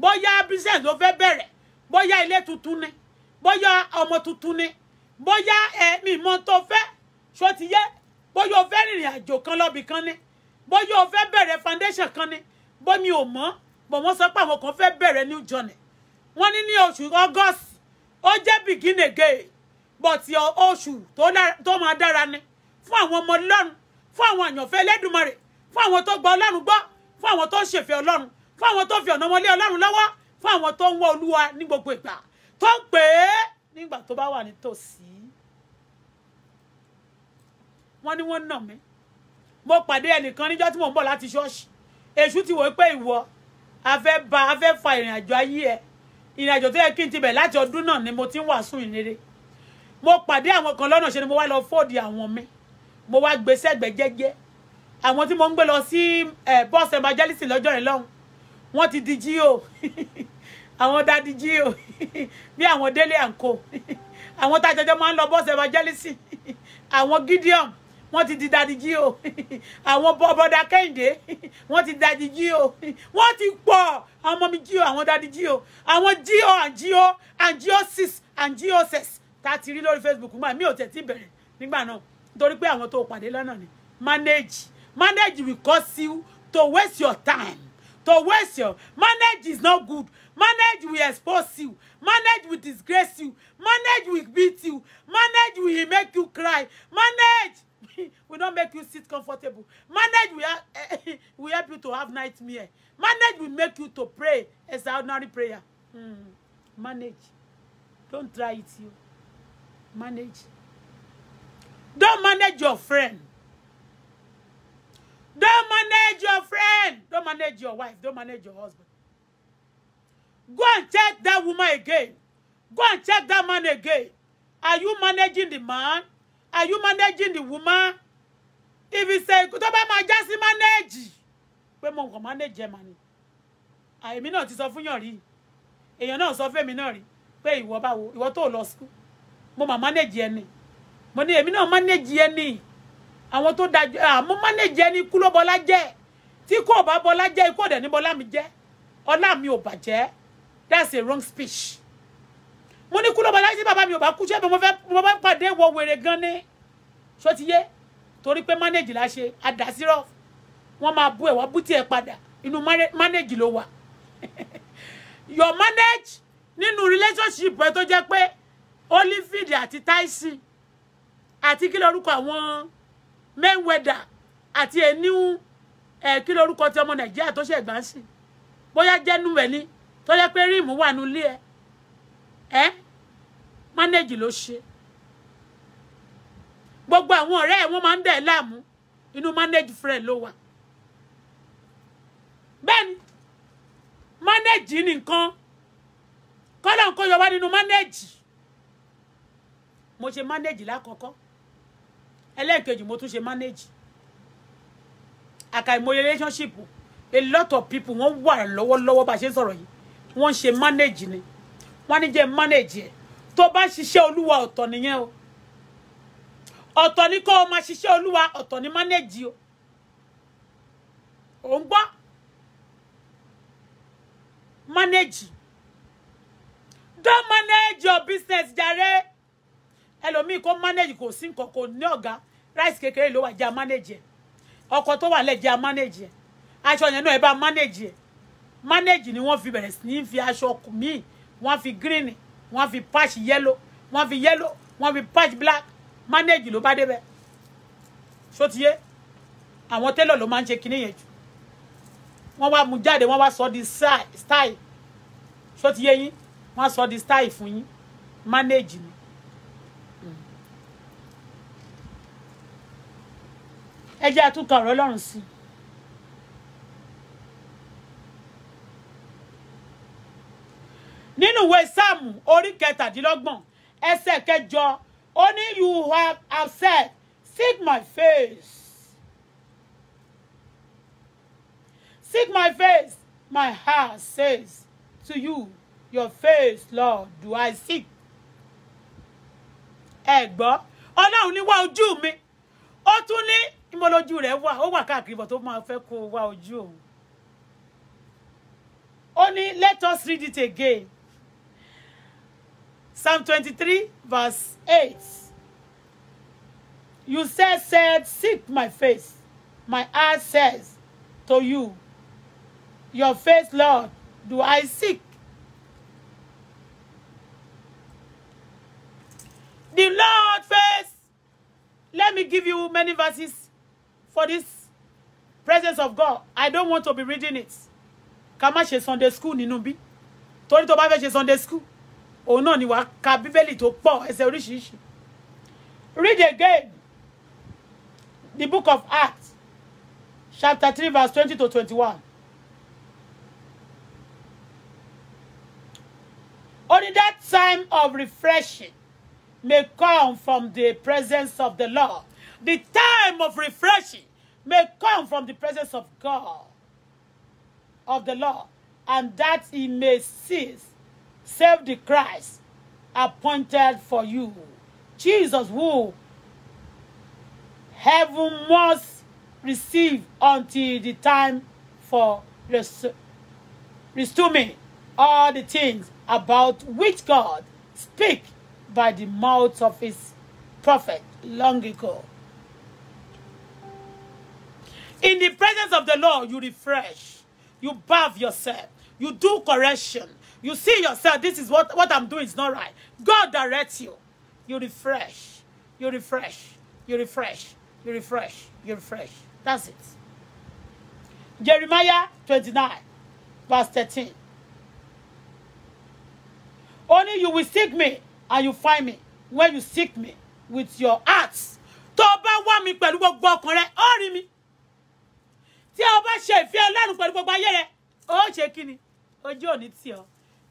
bóyá business ló fẹ́ bẹ̀rẹ̀ bóyá ilé tuntun ni bóyá ọmọ tuntun ni bóyá ẹ̀mí ìmọ̀ tó fẹ́ ṣó ti yé bóyá o fẹ́ rìnrìn àjò kan lọ́bì kan ni bóyá o fẹ́ bẹ̀rẹ̀ foundation kan ni bómi ò mọ̀ bọ̀ wọ́n sọ pé àwọn kan fẹ́ bẹ̀rẹ̀ new journey wọ́n ní ní oṣù August ó jẹ́ begin again but oṣù tó máa dára ni fún àwọn ọmọ ọlọ́run fún àwọn àyànfẹ́ ẹlẹ́dùnmarè fún àwọn tó gba ọlọ́run gbọ́ fún àwọn tó ń ṣèfẹ́ ọlọ́run fún àwọn tó fi ọ̀nà ọmọlé ọlọ́run lọ́wọ́ fún àwọn tó ń wọ olúwa ní gbogbo ìgbà tó ń pè é nígbà tó bá wà nítòsí. wọ́n ní wọ́n nà mí mo pàdé ẹnìkan níjọ́ tí mò ń bọ̀ láti ṣọ́ọ̀ṣì èṣù ti wò pé ìwọ a ba a fẹ́ fa ìrìn ayé ẹ̀ ìrìn àjò tó yẹ kí n ti bẹ̀ láti ọdún náà ni mo ti ń wàásù ìrere mo pàdé àwọn kan lọ́nà ṣe ni mo wá lọ fóòdì àwọn mi mo wá gbé sẹ́gbẹ̀ẹ́ jẹ́jẹ́ àwọn tí mo ń gbé lọ sí bus evangelist lọ́jọ́ rẹ̀ lọ́hùn wọ́n ti di gio àwọn dadi gio bí àwọn délé àǹkó àwọn tájọjọ máa ń lọ bus evangelist àwọn gideon wọ́n ti di dadiji o àwọn bọ́bọ́dá kẹ́hìndé wọ́n ti dadiji o wọ́n ti pọ̀ àwọn ọmọ mi jí o àwọn dadiji o àwọn jí o and jí o and jí o six and jí o six tá a ti rí lórí facebook máa mi ò tẹ̀ tí bẹ̀rẹ̀ nígbà náà nítorí pé àwọn tó pàdé lọ́nà ni manage manage will cost you to waste your time to waste your manage is not good manage will expose you manage will disgrace you manage will beat you manage will make you cry manage we don't make you sit comfortable manage we, uh, will help you to have nightmare manage we make you to pray as ordinary prayer mm. manage Don't try it you manage Don't manage your friend Don't manage your friend Don't manage your wife Don't manage your husband go and check that woman again go and check that man again are you managing the man are you managing the woman if it's say tó bá máa já sí manage pé mo nǹkan manage ẹ̀ mà ni ah, èmi náà ti sọ fún yàn rí èèyàn náà sọ fẹ́mi náà rí pé ìwọ báwo ìwọ tó lọ school mo mà manage ẹni mo ní èmi náà manage ẹni àwọn tó dájú àmú ah, manage ẹni kú ló bọlá jẹ tí kò bá bọlá jẹ ikú ọ̀dẹ̀ ní bọlá mi jẹ ọlá mi ò bàjẹ́ that's a wrong speech mo ní kú ló bá láyé tí bàbá mi ò bá kú ṣé mo fẹ́ mo bá pàdé wọ wèrè gan ni ṣó ti yé torí pé manage la ṣe àdásírọ̀ wọ́n máa bú ẹ̀ wá bú tiẹ̀ padà inú manage ló wà your manage nínú relationship ẹ tó jẹ́ pé Holyfield àti Tyson àti kí lórúkọ àwọn Mayweather àti ẹniú ẹ kí lórúkọ ti ọmọ Nàìjíríà tó ṣe gbà ń sìn bóyá jẹ́nu ẹ̀ ni tó jẹ́ pé ríìmù wà nílé ẹ̀ ẹ mánéjì ló ṣe gbogbo àwọn ọ̀rẹ́ ẹ̀ wọ́n máa ń dẹ̀ láàmú inú mánéjì friend ló wà bẹ́ẹ̀ ni mánéjì nìkan kọ́lá nǹkan yọ wá nínú mánéjì mo ṣe mánéjì lákọ̀ọ́kọ́ ẹlẹ́ẹ̀kejì mo tún ṣe mánéjì àkàìmọye relationship a lot of people wọ́n wà lọ́wọ́lọ́wọ́ bá a ṣe ń sọ̀rọ̀ yìí wọ́n ṣe mánéjì ni wọ́n ní jẹ́ manage ẹ̀ tó bá ṣiṣẹ́ olúwa ọ̀tọ̀ nìyẹn o ọ̀tọ̀ ni kó o máa ṣiṣẹ́ olúwa ọ̀tọ̀ ni manage o ò ń gbọ́ manage don't manage your business jàre ẹlòmíì kó manage kò sí nǹkan kò ní ọ̀gá rice kékeré ló wà jẹ́ manage ẹ̀ ọkọ̀ tó wà lẹ́ẹ̀ jẹ́ manage ẹ̀ aṣọ yẹn náà ẹ bá manage ẹ̀ manage ni wọ́n fi bẹ̀rẹ̀ sí ní fi aṣọ míì wọ́n fi green wọ́n fi patch yellow wọ́n fi yellow wọ́n fi patch black manage ló bá débẹ̀ sotiye àwọn tẹ́lọ̀ ló máa ń ṣe kinní yẹn jù wọ́n wá mú jáde wọ́n wá sọ di style sotiye yín wọ́n sọ di style fún yín manage ni. ẹ jẹ́ àtúnkà ọ̀rọ̀ ọlọ́run sí i. nínú ìwé sáàmù orí kẹtàdínlọ́gbọ̀n ẹsẹ̀ kẹjọ ó ní you have, have said seek my face seek my face my heart says to you your face lord do i seek. ẹ gbọ́ ọlọ́run ní wá ojú mi ó tún ní ìmọ̀lójú rẹ̀ wà ó wà káàkiri bọ̀ tó máa fẹ́ kó wá ojú òun. ó ní let us read it again Psalm 23, verse 8. You said, said, seek my face. My heart says to you, your face, Lord, do I seek. The Lord face. Let me give you many verses for this presence of God. I don't want to be reading it. Ká má Sunday school ninubi. bí. to tó Sunday school òun náà ni wàá ka bíbélì tó pọ̀ ẹsẹ̀ oríṣiríṣi read again the book of Acts chapter three verse twenty to twenty-one. Only that time of refreshing may come from the presence of the Lord. The time of refreshing may come from the presence of God, of the Lord, and that he may cease save the Christ appointed for you. Jesus, who heaven must receive until the time for resuming all the things about which God speak by the mouth of his prophet long ago. In the presence of the Lord, you refresh, you bathe yourself, you do correction, You see yourself, this is what, what I'm doing is not right. God directs you. You refresh. You refresh. You refresh. You refresh. You refresh. That's it. Jeremiah 29, verse 13. Only you will seek me and you find me when you seek me with your hearts. Tó bá wá mi pẹ̀lú gbogbo ọkàn rẹ, ó rí mi. Tí o bá ṣe ìfẹ́ Ọlọ́run pẹ̀lú gbogbo ayé rẹ, ó ṣe kí ni? Ojú ò ní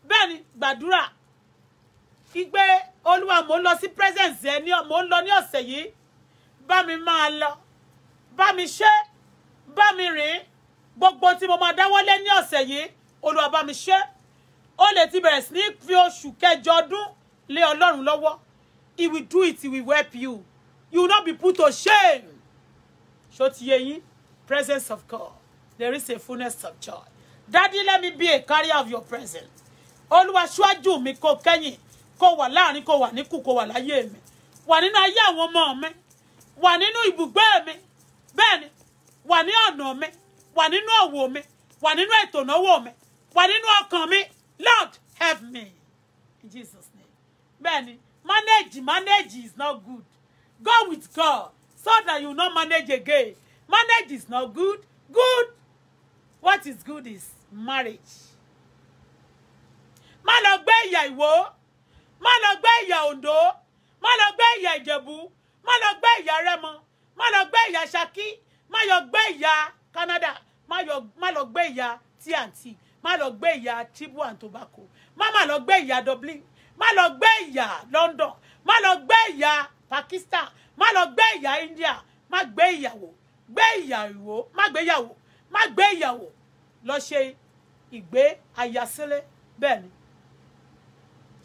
bẹ́ẹ̀ ni gbàdúrà igbe olúwa mò ń lọ sí presence ẹ ní mò ń lọ ní ọ̀sẹ̀ yìí bá mi máa lọ bá mi ṣe bá mi rìn gbogbo tí mo máa dáwọ́lé ní ọ̀sẹ̀ yìí olúwa bá mi ṣe ó lè ti bẹ̀rẹ̀ sí ní fi oṣù kẹjọ ọdún lé ọlọ́run lọ́wọ́ he will do it he will help you you will not be put to shame ṣó ti yé yín presence of God there is a fullness of joy daddy let me be a carrier of your presence olúwa ṣíwájú mi kó kẹ́yìn kó wà láàrin kó wà níkù kó wà láyé mi wà nínú ayé àwọn ọmọ mi wà nínú ibùgbé mi bẹ́ẹ̀ ni wà ní ọ̀nà mi wà nínú òwò mi wà nínú ètò ìnáwó mi wà nínú ọkàn mi Lord help me in Jesus name bẹ́ẹ̀ manage manage is not good go with God so that you no manage again manage is not good good what is good is marriage má lọ gbé ìyà ìwó má lọ gbé ìyà oǹdó má lọ gbé ìyà ìjẹ̀bú má lọ gbé ìyà rẹ́mọ má lọ gbé ìyà ṣakí má lọ gbé ìyà Canada má lọ gbé ìyà tíàǹtì má lọ gbé ìyà Tibu and Tobacco má má lọ gbé ìyà Dublin má lọ gbé ìyà London má lọ gbé ìyà Pakistan má lọ gbé ìyà India má gbé ìyàwó gbé ìyàwó má gbé ìyàwó má gbé ìyàwó lọ ṣe ìgbé ayasílẹ̀ bẹ́ẹ̀ ni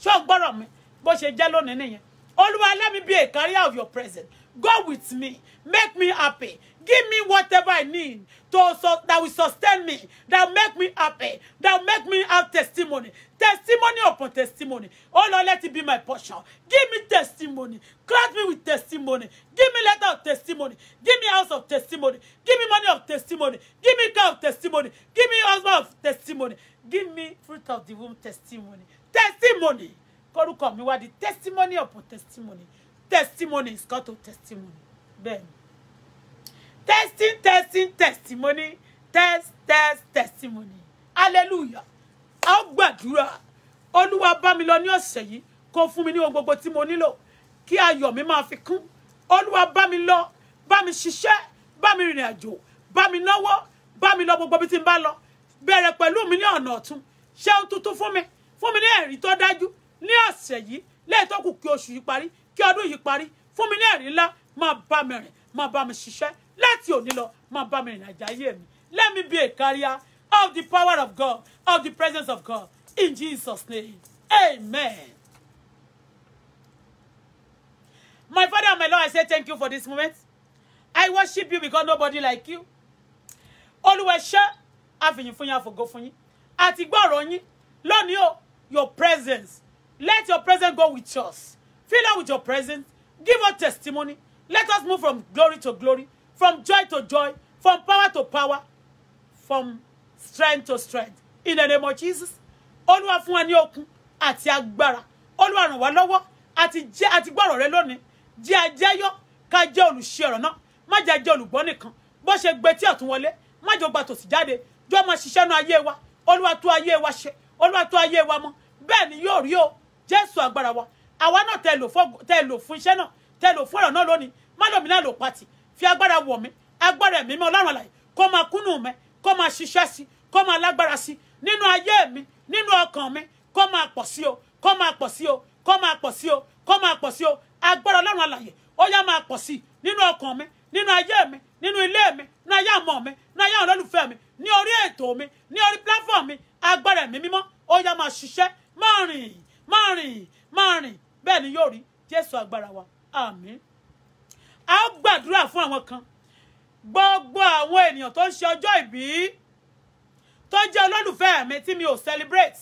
So o gbọ́rọ̀ mi bó ṣe jẹ́ lónìí nìyẹn olúwa let me be a carrier of your presence go with me make me happy give me whatever i need to so that will sustain me that will make me happy that will make me have testimony testimony upon testimony oh lord let it be my portion give me testimony clothe me with testimony give me letter of testimony give me house of testimony give me money of testimony give me car of testimony give me husband of testimony give me fruit of the womb testimony testimony kórúkọ mi wá di testimony upon testimony testimony is called to testimony bẹ́ẹ̀ ni testing testing testimony test test testimony hallelujah a ó gbàdúrà olúwa bá mi lọ ní ọ̀sẹ̀ yìí kó fún mi ní ohun gbogbo tí mo nílò kí ayọ̀ mi máa fi kún olúwa bá mi lọ bá mi ṣiṣẹ́ bá mi rìnrìn àjò bá mi náwó bá mi lọ gbogbo bí tí n bá lọ bẹ̀rẹ̀ pẹ̀lú mi ní ọ̀nà ọ̀tún ṣe ohun tuntun fún mi fún mi ní ẹ̀rí tó dájú ní ọ̀sẹ̀ yìí lẹ́yìn tó kù kí oṣù yìí parí kí ọdún yìí parí fún mi ní ẹ̀rí ńlá máa bá mi rìn máa bá mi ṣiṣẹ́ láti òní lọ máa bá mi rìn àjà ayé mi let me be a carrier of the power of God of the presence of God in Jesus name amen. My Father and my Lord, I say thank you for this moment. I worship you because nobody like you. Olúwa ṣe àfihàn fún yín àfògo fún yín àti gbọ́rọ̀ yín lónìí o your presence. Let your presence go with us. Fill us with your presence. Give us testimony. Let us move from glory to glory, from joy to joy, from power to power, from strength to strength. In the name of Jesus. Olúwa fún wa ní okun àti agbára. Olúwa ràn wá lọ́wọ́ àti jẹ́ àti gbọ́rọ̀ rẹ lónìí. Jẹ́ ajẹ́yọ́ ká jẹ́ olùṣe ọ̀rọ̀ náà. Má jẹ́ ajẹ́ olùgbọ́ nìkan. Bó ṣe gbé tí ọ̀tún wọlé, má jẹ́ ó gba tòsí jáde. Jọ́ máa ṣiṣẹ́ nu ayé wa. Olúwa tú ayé wa ṣe olúwa tó ayé wa mọ́ bẹ́ẹ̀ ni yóò rí o jésù agbára wa àwa náà tẹ lò fún iṣẹ́ náà tẹ lò fún ọ̀rọ̀ náà lónìí málòmí náà lò pati fi agbára wọ̀ mí agbára ẹ̀mí mi ọlọ́run àlàyé kó máa kúnnù mi kó máa ṣiṣẹ́ sí kó máa lágbára sí nínú ayé mi nínú ọkàn mi kó máa pọ̀ sí o kó máa pọ̀ sí o kó máa pọ̀ sí o kó máa pọ̀ sí o agbára ọlọ́run àlàyé ó yá máa pọ̀ sí nínú ọkàn mi nínú ayé mi nínú ilé mi nínú ayé àmọ́ mi nínú ayé àwọn olólùfẹ́ mi ní orí ètò mi ní orí platform mi agbára ẹ̀mí mímọ́ ó yá máa ṣiṣẹ́ máa rìn máa rìn máa rìn bẹ́ẹ̀ ni yóò rí jésù agbára wa àmín. a ó gbàdúrà fún àwọn kan gbogbo àwọn ènìyàn tó ń ṣe ọjọ́ ìbí tó jẹ́ olólùfẹ́ mi tí mi ò celebrate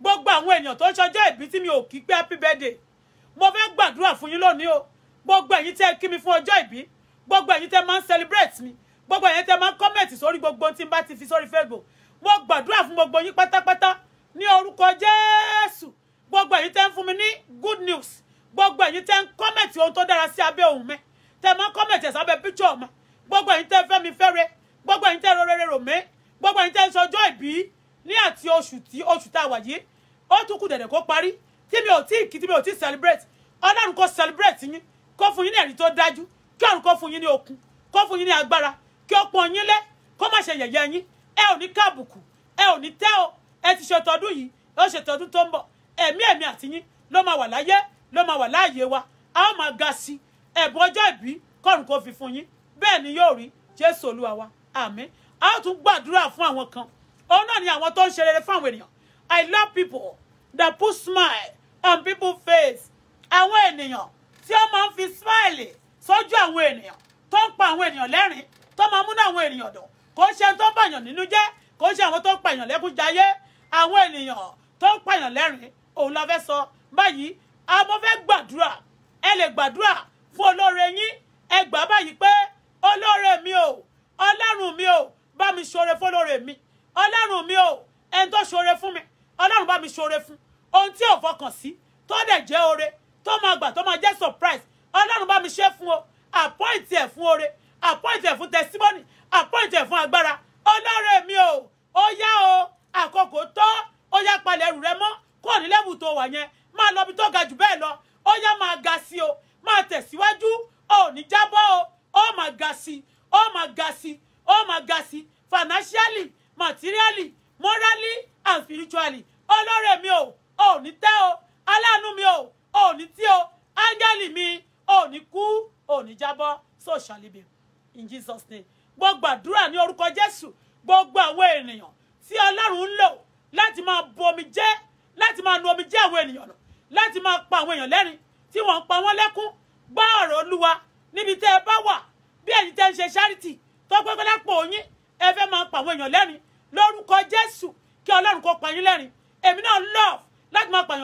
gbogbo àwọn ènìyàn tó ń ṣe ọjọ́ ìbí tí mi ò kí pé happy birthday mo fẹ́ gbàdúrà fún yín lónìí o gbogbo ẹ̀yin tẹ́ kí mi fún ọjọ́ ìbí gbogbo ẹ̀yin tẹ́ máa ń celebrate mi gbogbo ẹ̀yin tẹ́ máa ń comment sórí gbogbo tí n bá ti fi sórí Facebook mo gbàdúrà fún gbogbo yín pátápátá ní orúkọ jésù gbogbo ẹ̀yin tẹ́ ń fún mi ní good news gbogbo ẹ̀yin tẹ́ ń kọ́mẹ̀tì ohun tó dára sí abẹ́ ohun mi tẹ́ máa ń kọ́mẹ̀tì ẹ̀sán abẹ́ píchọ̀ ọ̀ma gbogbo ẹ̀yin tẹ́ fẹ́ mi fẹ́re gbogbo ẹ̀yin tẹ́ rọrẹ́rẹ́ rò mí gbogbo ẹ̀yin tẹ́ ń sọjọ́ ìbí ní àti oṣù tí oṣù tá a wà yìí ó tún kù dẹ̀dẹ̀ kó parí tí mi ò tí ì kí tí mi ò tí ì celebrate ọlọ́run kó celebrate yín kó fún yín ní ẹ̀rí tó dájú kí ọ̀run kó fún yín ní okun kó fún yín ní agbára kí ó pọn yín lé kó má ṣe yẹ̀yẹ́ yín ẹ ò ní kábùkù ẹ ò ní tẹ́ o ẹ ti ṣètọ́dún yìí ẹ ó ṣètọ́dún tó ń bọ̀ ẹ̀mí ẹ̀mí àtiyín ló máa wà láyé ló máa wà láàyè wa a ó máa ga sí ẹ̀bùn ọjọ́ ìbí kọ́run kò fi fún yín bẹ́ẹ̀ ni yóò rí jésù olúwa wa àmín a ó tún gbàdúrà fún àwọn kan òun náà ni àwọn tó ń ṣe rere fún àwọn ènìyàn i love people that put smile on people face àwọn ènìyàn tí ó máa ń fi smile sójú àwọn ènìyàn tó ń pa àwọn ènìyàn lẹ́rìn tó máa ń múnú àwọn ènìyàn dùn kò ṣe tó bàyàn nínú jẹ́ kò ṣe àwọn tó ń pàyàn lẹ́kún jayé àwọn ènìyàn tó ń pàyàn lẹ́rìn òun la fẹ́ sọ báyìí àmọ́ fẹ́ gbàdúrà ẹ lè gbàdúrà fún olóore yín ẹ gbà báyìí pé olóore mi o ọlọ́run mi o bá mi ṣoore fún olóore mi ọlọ́run mi o ẹni tó ṣoore fún mi ọlọ́run bá mi ṣoore fún ohun tí ò fọkàn sí tó dẹ̀ jẹ́ oore tó máa gbà tó máa jẹ́ surprise ọlọ́run bá mi ṣe fún o àpọ́ìntì ẹ̀ fún oore appoint ẹ̀ fún testimony appoint ẹ̀ fún agbára ọlọ́rẹ̀ mi o ó yá o àkókò tó ó yá palẹ̀ ẹrù rẹ mọ́ kúrò ní lẹ́bù tó wà yẹn máa lọ ibi tó ga jù bẹ́ẹ̀ lọ ó yá máa ga sí o máa tẹ̀síwájú ó ní jábọ́ o ó máa ga sí ó máa ga sí ó máa ga sí financially materially morally and spiritually ọlọ́rẹ̀ mi o ó ní tẹ́ o aláàánú mi o ó ní tí o áńgẹ́lì mi ó ní kú ó ní jábọ́ so shall be in Jesus name gbogbo àdúrà ní orúkọ Jésù gbogbo àwọn ènìyàn tí Ọlọ́run ń lò láti máa bomi jẹ́ láti máa nu omi jẹ́ àwọn ènìyàn lọ láti máa pa àwọn èèyàn lẹ́rìn tí wọ́n ń pa wọ́n lẹ́kún gbọ́ ọ̀rọ̀ Olúwa níbi tẹ́ ẹ bá wà bí ẹ̀yin tẹ́ ń ṣe charity tó pẹ́pẹ́ lápò yín ẹ fẹ́ máa pa àwọn èèyàn lẹ́rìn lórúkọ Jésù kí Ọlọ́run kó pa yín lẹ́rìn èmi náà love láti máa pa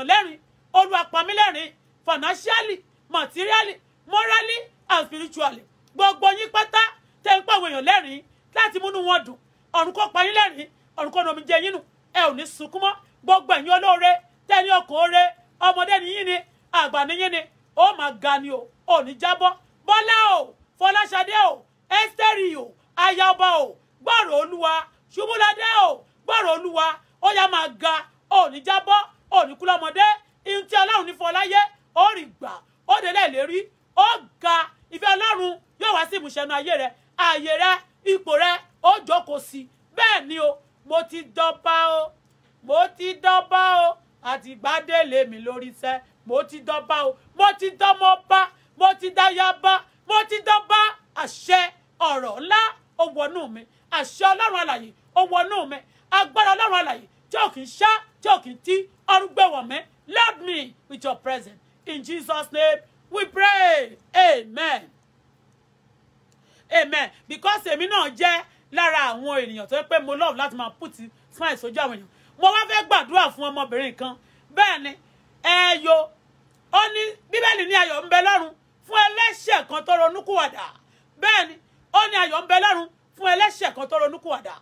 mí lẹ́rìn financially materially morally and spiritually gbogbo yín pátá tẹ́ ń pàwọn èèyàn lẹ́rìn-ín láti múnú wọn dùn ọ̀run kó pa yín lẹ́rìn ọ̀run kó nomi jẹ yín nù ẹ ò ní sunkún mọ́ gbogbo ẹ̀yin olóore tẹ́ ọkọ̀ oore ọmọdé ni yín ni àgbà ni yín ni ó máa ga ni o ò ní jábọ́ bọ́lá o fọláṣadé o ẹ́sítẹ́rì o ayaba o gbọ́rọ̀ olúwa ṣubúládé o gbọ́rọ̀ olúwa ó yá máa ga ò ní jábọ́ ò ní kú lọ́mọdé ihun tí ọlọ́run ní fọláyé ó rí gbà ó délẹ̀ lérí ó ga ìfẹ́ ọlọ́run yóò wá sí ìmúṣẹnu ayé rẹ ààyè rẹ ipò rẹ ó jókòó sí bẹ́ẹ̀ ni o mo ti dọ́ba o mo ti dọ́ba o àti gbádélé mi lórí iṣẹ́ mo ti dọ́ba o mo ti dọ́mọ bá mo ti dáyàbá mo ti dọ́ba àṣẹ ọ̀rọ̀ ńlá ó wọnú mi àṣẹ ọlọ́run alàyè ó wọnú mi agbára ọlọ́run alàyè tí ò kì í ṣá tí ò kì í tí ọrùn gbẹ̀wọ̀ mi load me with your presence in Jesus name we pray amen amen because èmi náà jẹ́ lára àwọn ènìyàn tó yẹ pé mo love láti máa put smile sójú àwọn èèyàn mo wá fẹ́ gbàdúrà fún ọmọbìnrin kan bẹ́ẹ̀ ni ẹ̀yọ ó ní bíbélì ní ayọ̀ ń bẹ lọ́run fún ẹlẹ́ṣẹ̀ kan tó ronúkúwàdà bẹ́ẹ̀ ni ó ní ayọ̀ ń bẹ lọ́run fún ẹlẹ́ṣẹ̀ kan tó ronúkúwàdà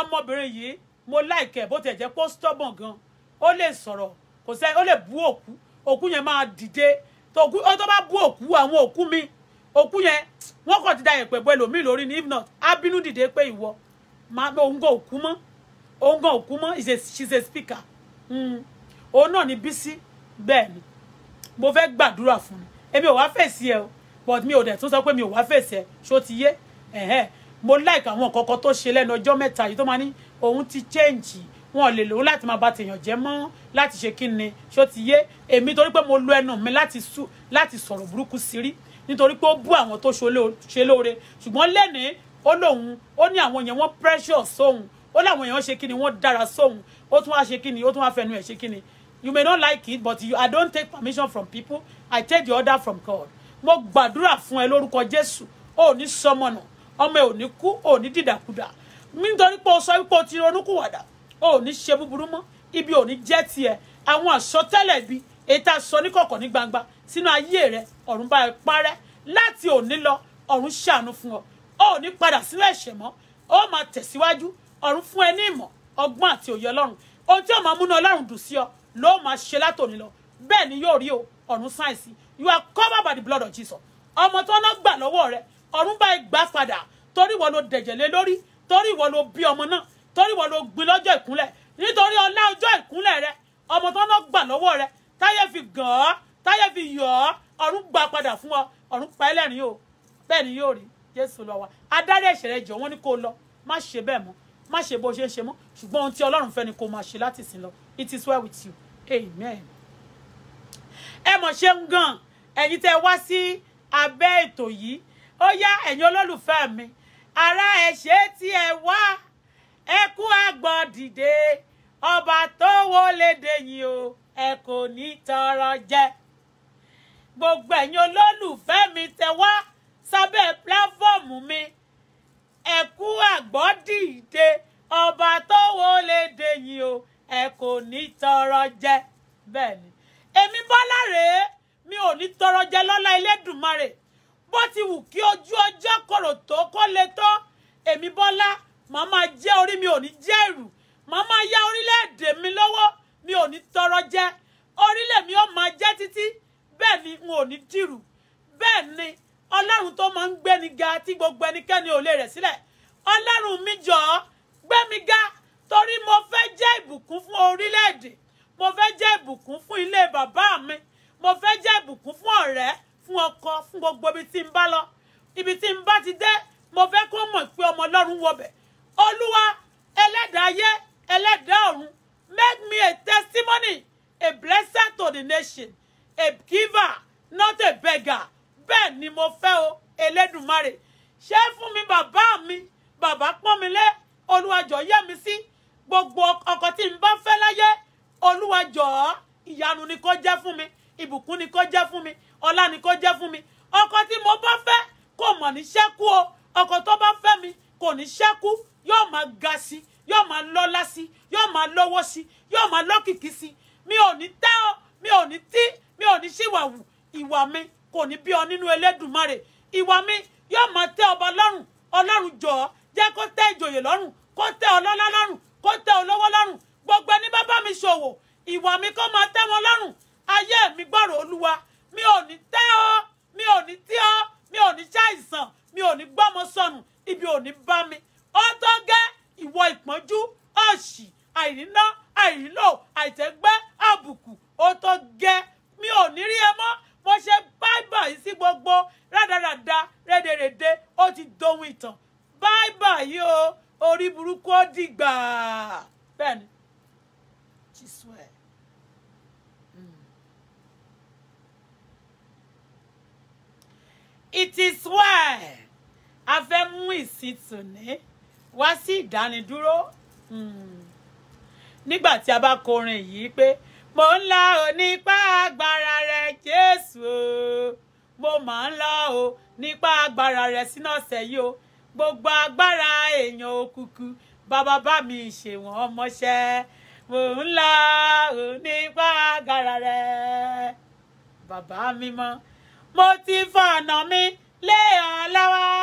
ọmọbìnrin yìí mo láìkẹ́ bó tiẹ̀ jẹ́ pé ó stubborn gan ó lè sọ̀rọ̀ kò sẹ́ ó lè bú òkú òkú yẹn máa dìde tòkú ó tó bá bú òkú àwọn òkú mi òkú yẹn wọ́n kàn ti da yẹn pẹ̀bọ ẹlòmíì lórí ní if not á bínú dìde pé ìwọ òun gan òkú mọ́ òun gan òkú mọ́ she's a speaker hmm, òun náà ni Bísí bẹ́ẹ̀ ni mo fẹ́ gbàdúrà fún un èmi ò wá fèsì ẹ o but mi ò dẹ̀ tún sọ pé mi ò wá fèsì ẹ ṣó ti yé mo like àwọn kọ̀ọ̀kan tó ṣe lẹ́nu ọjọ́ mẹ́ta yìí tó máa ní òun ti change wọn ò lè lò láti máa bá tèèyàn jẹ́ mọ́ láti ṣe kí ni ṣó ti yé èmi torí pé mo lo ẹnu mi láti sú láti sọ̀rọ̀ burúkú sí nítorí pé ó bú àwọn tó ṣe lóore ṣùgbọ́n lẹ́nìí ó lóun ó ní àwọn èèyàn wọn pressure sóhun ó láwọn èèyàn ṣe kí ni wọ́n dára sóhun ó tún wá ṣe kí ni ó tún wá fẹnu ẹ̀ ṣe kí ni you may not like it but you, I don't take permission from people I take the order from God mo gbàdúrà fún ẹ lórúkọ Jésù ó ní sọmọnà ọmọ ẹ ò ní kú ó ní dìdàkudà nítorí pé o sọ wípé o ti ronúkúwàdà ò ní ṣe búburú mọ́ ibi ò ní jẹ́ tiẹ̀ àwọn àsọtẹ́lẹ̀ ibi ètò àsọ ní kọ̀kọ̀ ní gbangba sínú ayé rẹ ọ̀run bá ẹ parẹ́ láti òní lọ ọ̀run ṣàánú fún ọ ò ní padà sínú ẹ̀ṣẹ̀ mọ́ o máa tẹ̀síwájú ọ̀run fún ẹ ní ìmọ̀ ọgbọ́n àti òye ọlọ́run ohun tí ó máa múná ọlọ́run dùn sí ọ ló máa ṣe látòní lọ bẹ́ẹ̀ ni yóò rí o ọ̀run sáyẹ̀nsì you are covered by the blood of Jesus ọmọ tó ná gbà lọ́wọ́ rẹ ọ̀run bá ẹ gbà padà torí ìwọ ló dẹ̀jẹ̀ lé lórí torí ìwọ ló bí ọmọ náà torí wọn ló gbin lọ́jọ́ ìkúnlẹ̀ nítorí ọlá ọjọ́ ìkúnlẹ̀ rẹ ọmọ tó ń gbà lọ́wọ́ rẹ táyé fi gàn ọ́ táyé fi yọ̀ ọ́ ọ̀run gbà padà fún ọ ọ̀run pa ẹlẹ́rìn o bẹ́ẹ̀ ni yóò rí jésù lọ wá adarí ẹ̀ṣẹ̀ rẹ jọ wọ́n ní kó lọ má ṣe bẹ́ẹ̀ mọ́ má ṣe bó ṣe ń ṣe mọ́ ṣùgbọ́n ohun tí ọlọ́run fẹ́ ni kó máa ṣe láti sìn lọ it is well with you amen. ẹ mọ̀ ṣe ń gan ẹ̀yin tẹ́ wá sí abẹ́ ètò yìí ó yá ẹ̀yin olólùfẹ́ mi ara ẹ̀ ṣe é tí ẹ wá ẹ kú àgbọ̀n dìde ọba tó wọlé dè yín o ẹ kò ní tọrọ jẹ gbogbo ẹ̀yin olólùfẹ́ mi tẹ wá sábẹ́ pílàfọ́ọ̀mù mi ẹ kú àgbọ̀n dìde ọba tó wọlé dè yín o ẹ kò ní tọrọ jẹ bẹ́ẹ̀ ni èmi Bọ́lá rèé mi ò ní tọrọ jẹ lọ́lá Elédùmarè bó ti wù kí ojú ọjọ́ korò tó kó le tó èmi Bọ́lá màá máa jẹ́ orí mi ò ní jẹ́ ìrù màá máa yá orílẹ̀-èdè mi lọ́wọ́ mi ò ní tọrọ jẹ orílẹ̀ mi ò máa jẹ́ títí bẹ́ẹ̀ ni n ò ní dìrù bẹ́ẹ̀ ni ọlọ́run tó máa ń gbéni ga tí gbogbo ẹnikẹ́ni ò lè rẹ̀ sílẹ̀ ọlọ́run mi jọ̀ọ́ gbé mi ga torí mo fẹ́ jẹ́ ìbùkún fún orílẹ̀-èdè mo fẹ́ jẹ́ ìbùkún fún ilé bàbá mi mo fẹ́ jẹ́ ìbùkún fún ọ̀rẹ́ fún ọkọ fún gbogbo ibi tí n bá lọ ibi tí n bá ti dé mo fẹ́ kó mọ̀ pé ọmọ ọlọ́run wọbẹ̀ olúwa ẹlẹ́dàá ayé ẹlẹ́dàá ọ̀run make me a testimony a blessing to the nation a giver not a beggar bẹ́ẹ̀ ni mo fẹ́ o elédùnmarè ṣe fún mi bàbá mi bàbá pọ́n mi lé olúwa jọ̀ọ́ mi sí gbogbo ọkọ tí n bá fẹ́ láyé olúwa jọ̀ọ́ ìyanu ni kó jẹ́ fún mi ìbùkún ni kó jẹ́ fún mi ọlá ni kó jẹ́ fún mi ọkọ tí mo bá fẹ́ kò mọ̀ ní ṣẹ́kù o ọkọ tó bá fẹ́ mi kò ní ṣẹ́kù yóò máa ga sí yóò máa lọ́lá sí yóò máa lọ́wọ́ sí yóò máa lọ́kìkí sí mi ò ní tẹ́ ọ mi ò ní tí mi ò ní ṣìwàwù ìwà mi kò ní bí ọ nínú Elédùmarè ìwà mi yóò máa tẹ́ ọba lọ́rùn ọlọ́run jọ̀ọ́ jẹ́ kó tẹ́ ìjòyè lọ́rùn kó tẹ́ ọlọ́lá lọ́rùn kó tẹ́ olówó lọ́rùn gbogbo ẹni bá bá mi ṣòwò ìwà mi kó máa tẹ́ wọn lọ́rùn ayé mi gbọ́rọ̀ olúwa mi ò ní tẹ́ ọ mi ò ní tí ọ mi ò ní ṣàìsàn mi ò ní gbọ́mọ sọnù ibi ò ní bá mi ó tó gẹ́ ìwọ ìpọ́njú ọ̀ṣì àìríná àìrílò tòní wá sí ìdánidúró hmm. nígbà tí a bá kọrin yìí pé mo ń la o nípa agbára rẹ Jésù mo máa ń la o nípa agbára rẹ sínú ọ̀sẹ̀ yìí o gbogbo agbára èèyàn òkùnkùn bàbá bá mi ṣe wọ́n mọ́ṣẹ́ mo ń la o nípa agbára rẹ bàbá mi mọ́ mo ti fọ̀nà mi lé ọ lọ́wọ́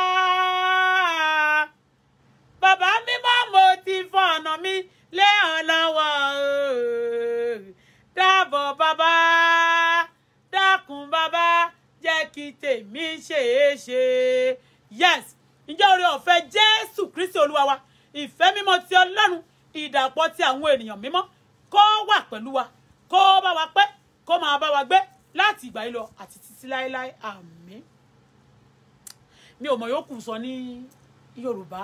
bàbá mímọ́ mo ti fọ́n ọ̀nà mi lé ọ lọ́wọ́ dábọ̀ bàbá dákun bàbá jẹ́ kí tèmi ṣeé ṣe yes ǹjẹ́ oore ọ̀fẹ́ jésù kristi olúwa wa ìfẹ́ mímọ́ ti ọlọ́run ìdàpọ̀ ti àwọn ènìyàn mímọ́ kó wà pẹ̀lú wa kó bá wa pẹ́ kó máa bá wa gbé láti ìgbà yìí lọ àti títí láéláé àmín mi ò mọ̀ yókù sọ ní yorùbá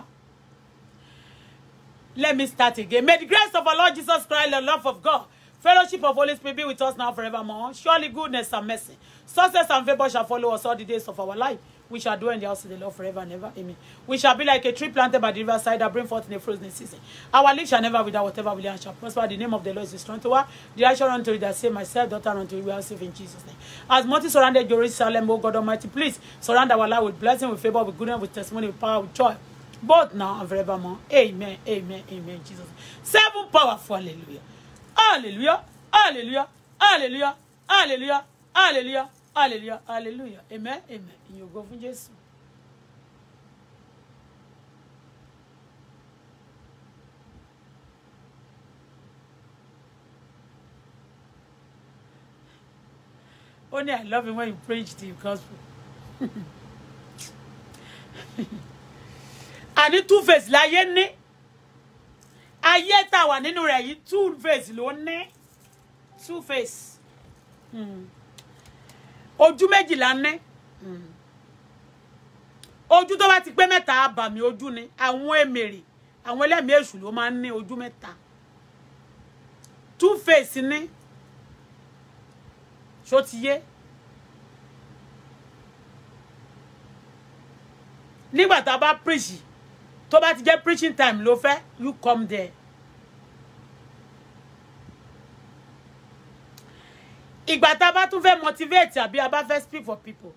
Let me start again. May the grace of our Lord Jesus Christ, the love of God, fellowship of Holy Spirit be with us now forevermore. Surely goodness and mercy, success and favor shall follow us all the days of our life. We shall dwell in the house of the Lord forever and ever. Amen. We shall be like a tree planted by the riverside that bring forth in the frozen season. Our leaves shall never wither, whatever we learn shall prosper. The name of the Lord is strong to us. The shall unto that say, myself, daughter unto you, we are safe in Jesus' name. As multi surrounded Jerusalem, O God Almighty, please surround our life with blessing, with favor, with goodness, with testimony, with power, with joy both now and forevermore. Amen, amen, amen, Jesus. Seven powerful, hallelujah. Hallelujah, hallelujah, hallelujah, hallelujah, hallelujah, hallelujah, hallelujah. Amen, amen. In your go fún Only I love it when you preach the gospel. àní two verse láyé ní ayé tá a wà nínú rẹ̀ yìí two verse ló ní two verse. Hmm. ojú méjìlá ní hmm. ojú tó bá ti pé mẹ́ta àbàmì ojú ni àwọn èmèrè àwọn ẹlẹ́mìí èṣù ló máa ń ní ojú mẹ́ta two verse ní ṣó ti yé. nígbà tá a bá preach tó bá ti jẹ́ preaching time ló fẹ́ you come there. ìgbà tá a bá tún fẹ́ motivate àbí a bá fẹ́ speak for people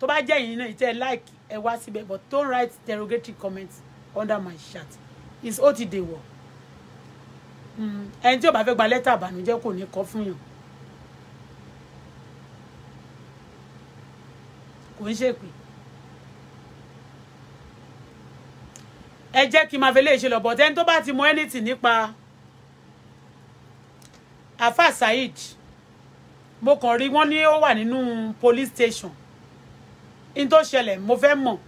tó bá jẹ́ ìyìn náà ìtẹ́ like ẹ wá síbẹ̀ but don't write derogatory comments under my shirt it's ó ti dèwọ̀ ẹni tí ò bá fẹ́ gba lẹ́tà àbànújẹ́ kò ní kọ fún yàn kò ń ṣèpè ẹ jẹ́ kí n máa fi lè ṣe lọ but ẹni tó bá ti mọ anything nípa afa saheed mo kàn rí wọ́n ní ó wà nínú police station in tó ṣẹlẹ̀ mo fẹ́ mọ̀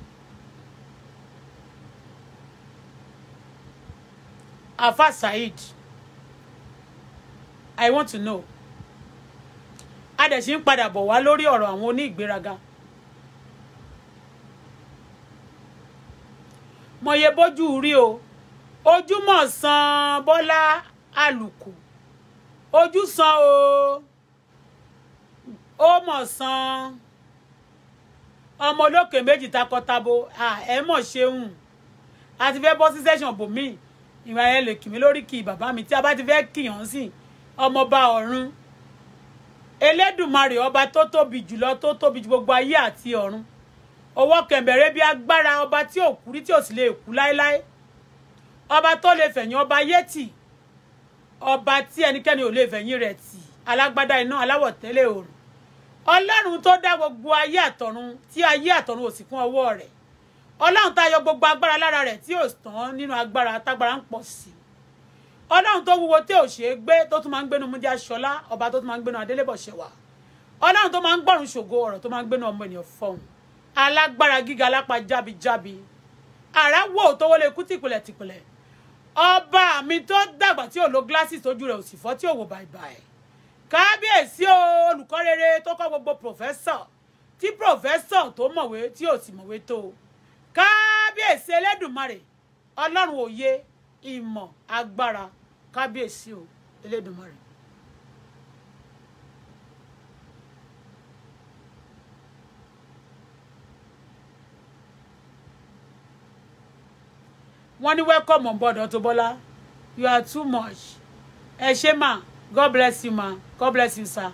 afa saheed i want to know a dẹ̀ ṣì ń padà bọ̀ wá lórí ọ̀rọ̀ àwọn oníìgbéraga mọ̀ye bójú rí o ojúmọ́ san bọ́lá àlùkù ojú san o ó mọ̀ san ọmọ olókè méjì takọtabo ẹ mọ̀ ṣeun a ti fẹ́ bọ́ sí sẹ́sàn bòmíì ìwà ẹ lè kì mí lórí kì bàbá mi tí a bá ti fẹ́ kìyàn sí ọmọọba ọ̀run elédùmarè ọba tó tóbi jùlọ tó tóbi ju gbogbo ayé àti ọ̀run ọwọ́ kẹ̀mbẹ̀rẹ̀ bí agbára ọba tí ò kú rí tí ò sì lè kú láéláé ọba tó lè fẹ̀yìn ọba yétì ọba tí ẹnikẹ́ni ò lè fẹ̀yìn rẹ̀ tì alágbádá iná aláwọ̀ tẹ́lẹ̀ òòrùn ọlọ́run tó dá gbogbo ayé àtọ̀run tí ayé àtọ̀run ò sì kún ọwọ́ rẹ̀ ọlọ́run tá a yọ gbogbo agbára lára rẹ̀ tí ò tán nínú agbára tágbára ń pọ̀ sí i ọlọ́run tó wúwo tí ò ṣeé gbé tó tún máa ń gbénu múdí aṣọlá ọba tó tún máa ń gbénu adélébọ̀ṣẹ̀wà ọlọ́run tó máa ń gbọ́rùn ṣògo ọ̀rọ̀ tó máa ń gbénu ọmọ ènìyàn fọ̀hún alágbára gíga lápá jábíjábí ara wò tó wọlé kú tìpìlẹ̀ tìpìlẹ̀ ọba mi tó dàgbà tí ò lo gíláàsì tójú rẹ̀ ò sì fọ́ tí ò wò bàìbàì kábíyèsí o olùkọ́ rere tó kọ́ gbogbo pòfẹ́sọ̀ tí pòfẹ́sọ̀ tó mọ̀wé tí ò sì mọ̀wé tó kábíyèsí elédùnmarè ọlọ́run òye ìmọ̀ agbára kábíyèsí o elédùnmarè. wọ́n ní welcome on board Auto Bola you are too much ẹ ṣé ma god bless you ma god bless you sir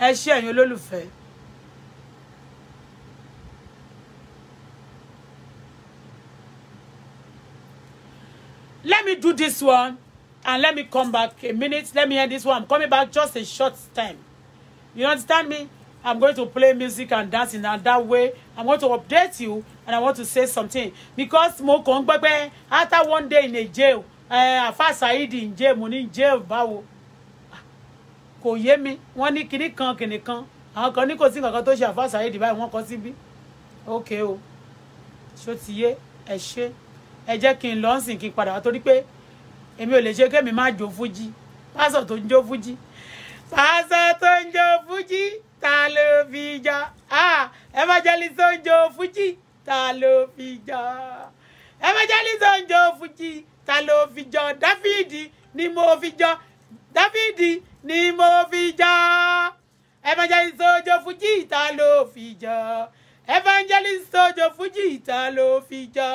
ẹ ṣé ẹ̀yin olólùfẹ́. let me do this one and let me come back a minute let me end this one i'm coming back just a short time you understand me i'm going to play music and dancing and that way i'm going to update you and I want to say something because mo kàn ń gbọ́ after one day in a jail Àfà eh, Saheed in jail mo ní jail báwo kò yé mi wọ́n ní kinní kan kinní kan àwọn kan ní kò sí kankan tó ṣe Àfà Saheed báyìí wọ́n kọ́ síbí okay o So ti yé ẹ ṣe ẹ jẹ́ kí n lọ sìn kí n padà wá torí pé èmi ò lè ṣe kémi má jó fújì pásọ tó ń jó fújì pásọ ta ló fi jà ẹ má jẹ́ lè tó ń jó fújì ta ló fi jọ evangelist onjo fuji ta ló fi jọ dáfídì ni mo fi jọ dáfídì ni mo fi jọ evangelist onjo fuji ta ló fi jọ evangelist onjo fuji ta ló fi jọ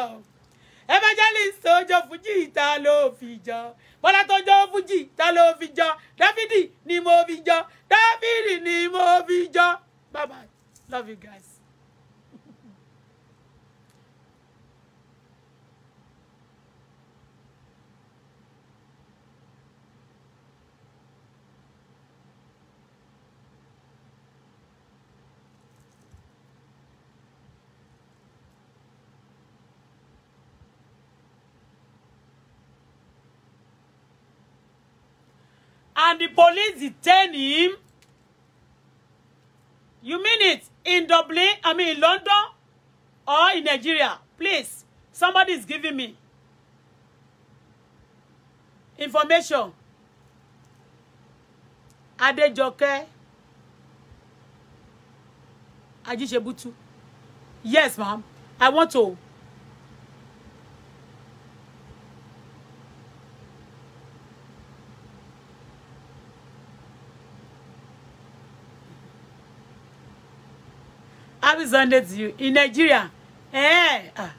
evangelist onjo fuji ta ló fi jọ bọ́lá tó jọ fújì ta ló fi jọ dáfídì ni mo fi jọ dáfídì ni mo fi jọ bye bye love you guys. and the police detained him. You mean it? In Dublin, I mean in London or in Nigeria? Please, somebody is giving me information. Adejoke Ajisebutu. Yes, ma'am. I want to happy sunday you in nigeria eh, ah,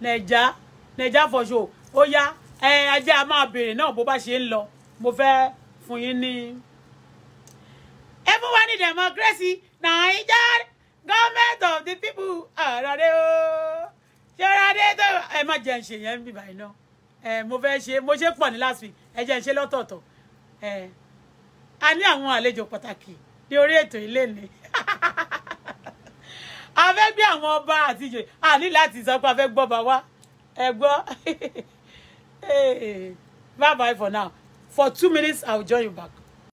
naija naija for sure Oh yeah, eh, ajé a máa béèrè náà bó bá ṣe ń lọ mo fẹ́ fún yín ní. everyone in democracy naija government of the people àràdé o ṣọ́ràdé tó ẹ má jẹ́ ń ṣe yẹn bíbá iná eh, mo fẹ́ ṣe mo ṣe pọ̀ ní last week ẹ jẹ́ ń eh. lọ́tọ̀ọ̀tọ̀ ẹ a ní àwọn àlejò pàtàkì ní orí ètò ilé ni. a fẹ́ gbé àwọn ọba àti ìjòyè àní láti sọ pé a fẹ́ gbọ́ bá wa ẹ gbọ́ bye bye for now for two minutes i will join you back.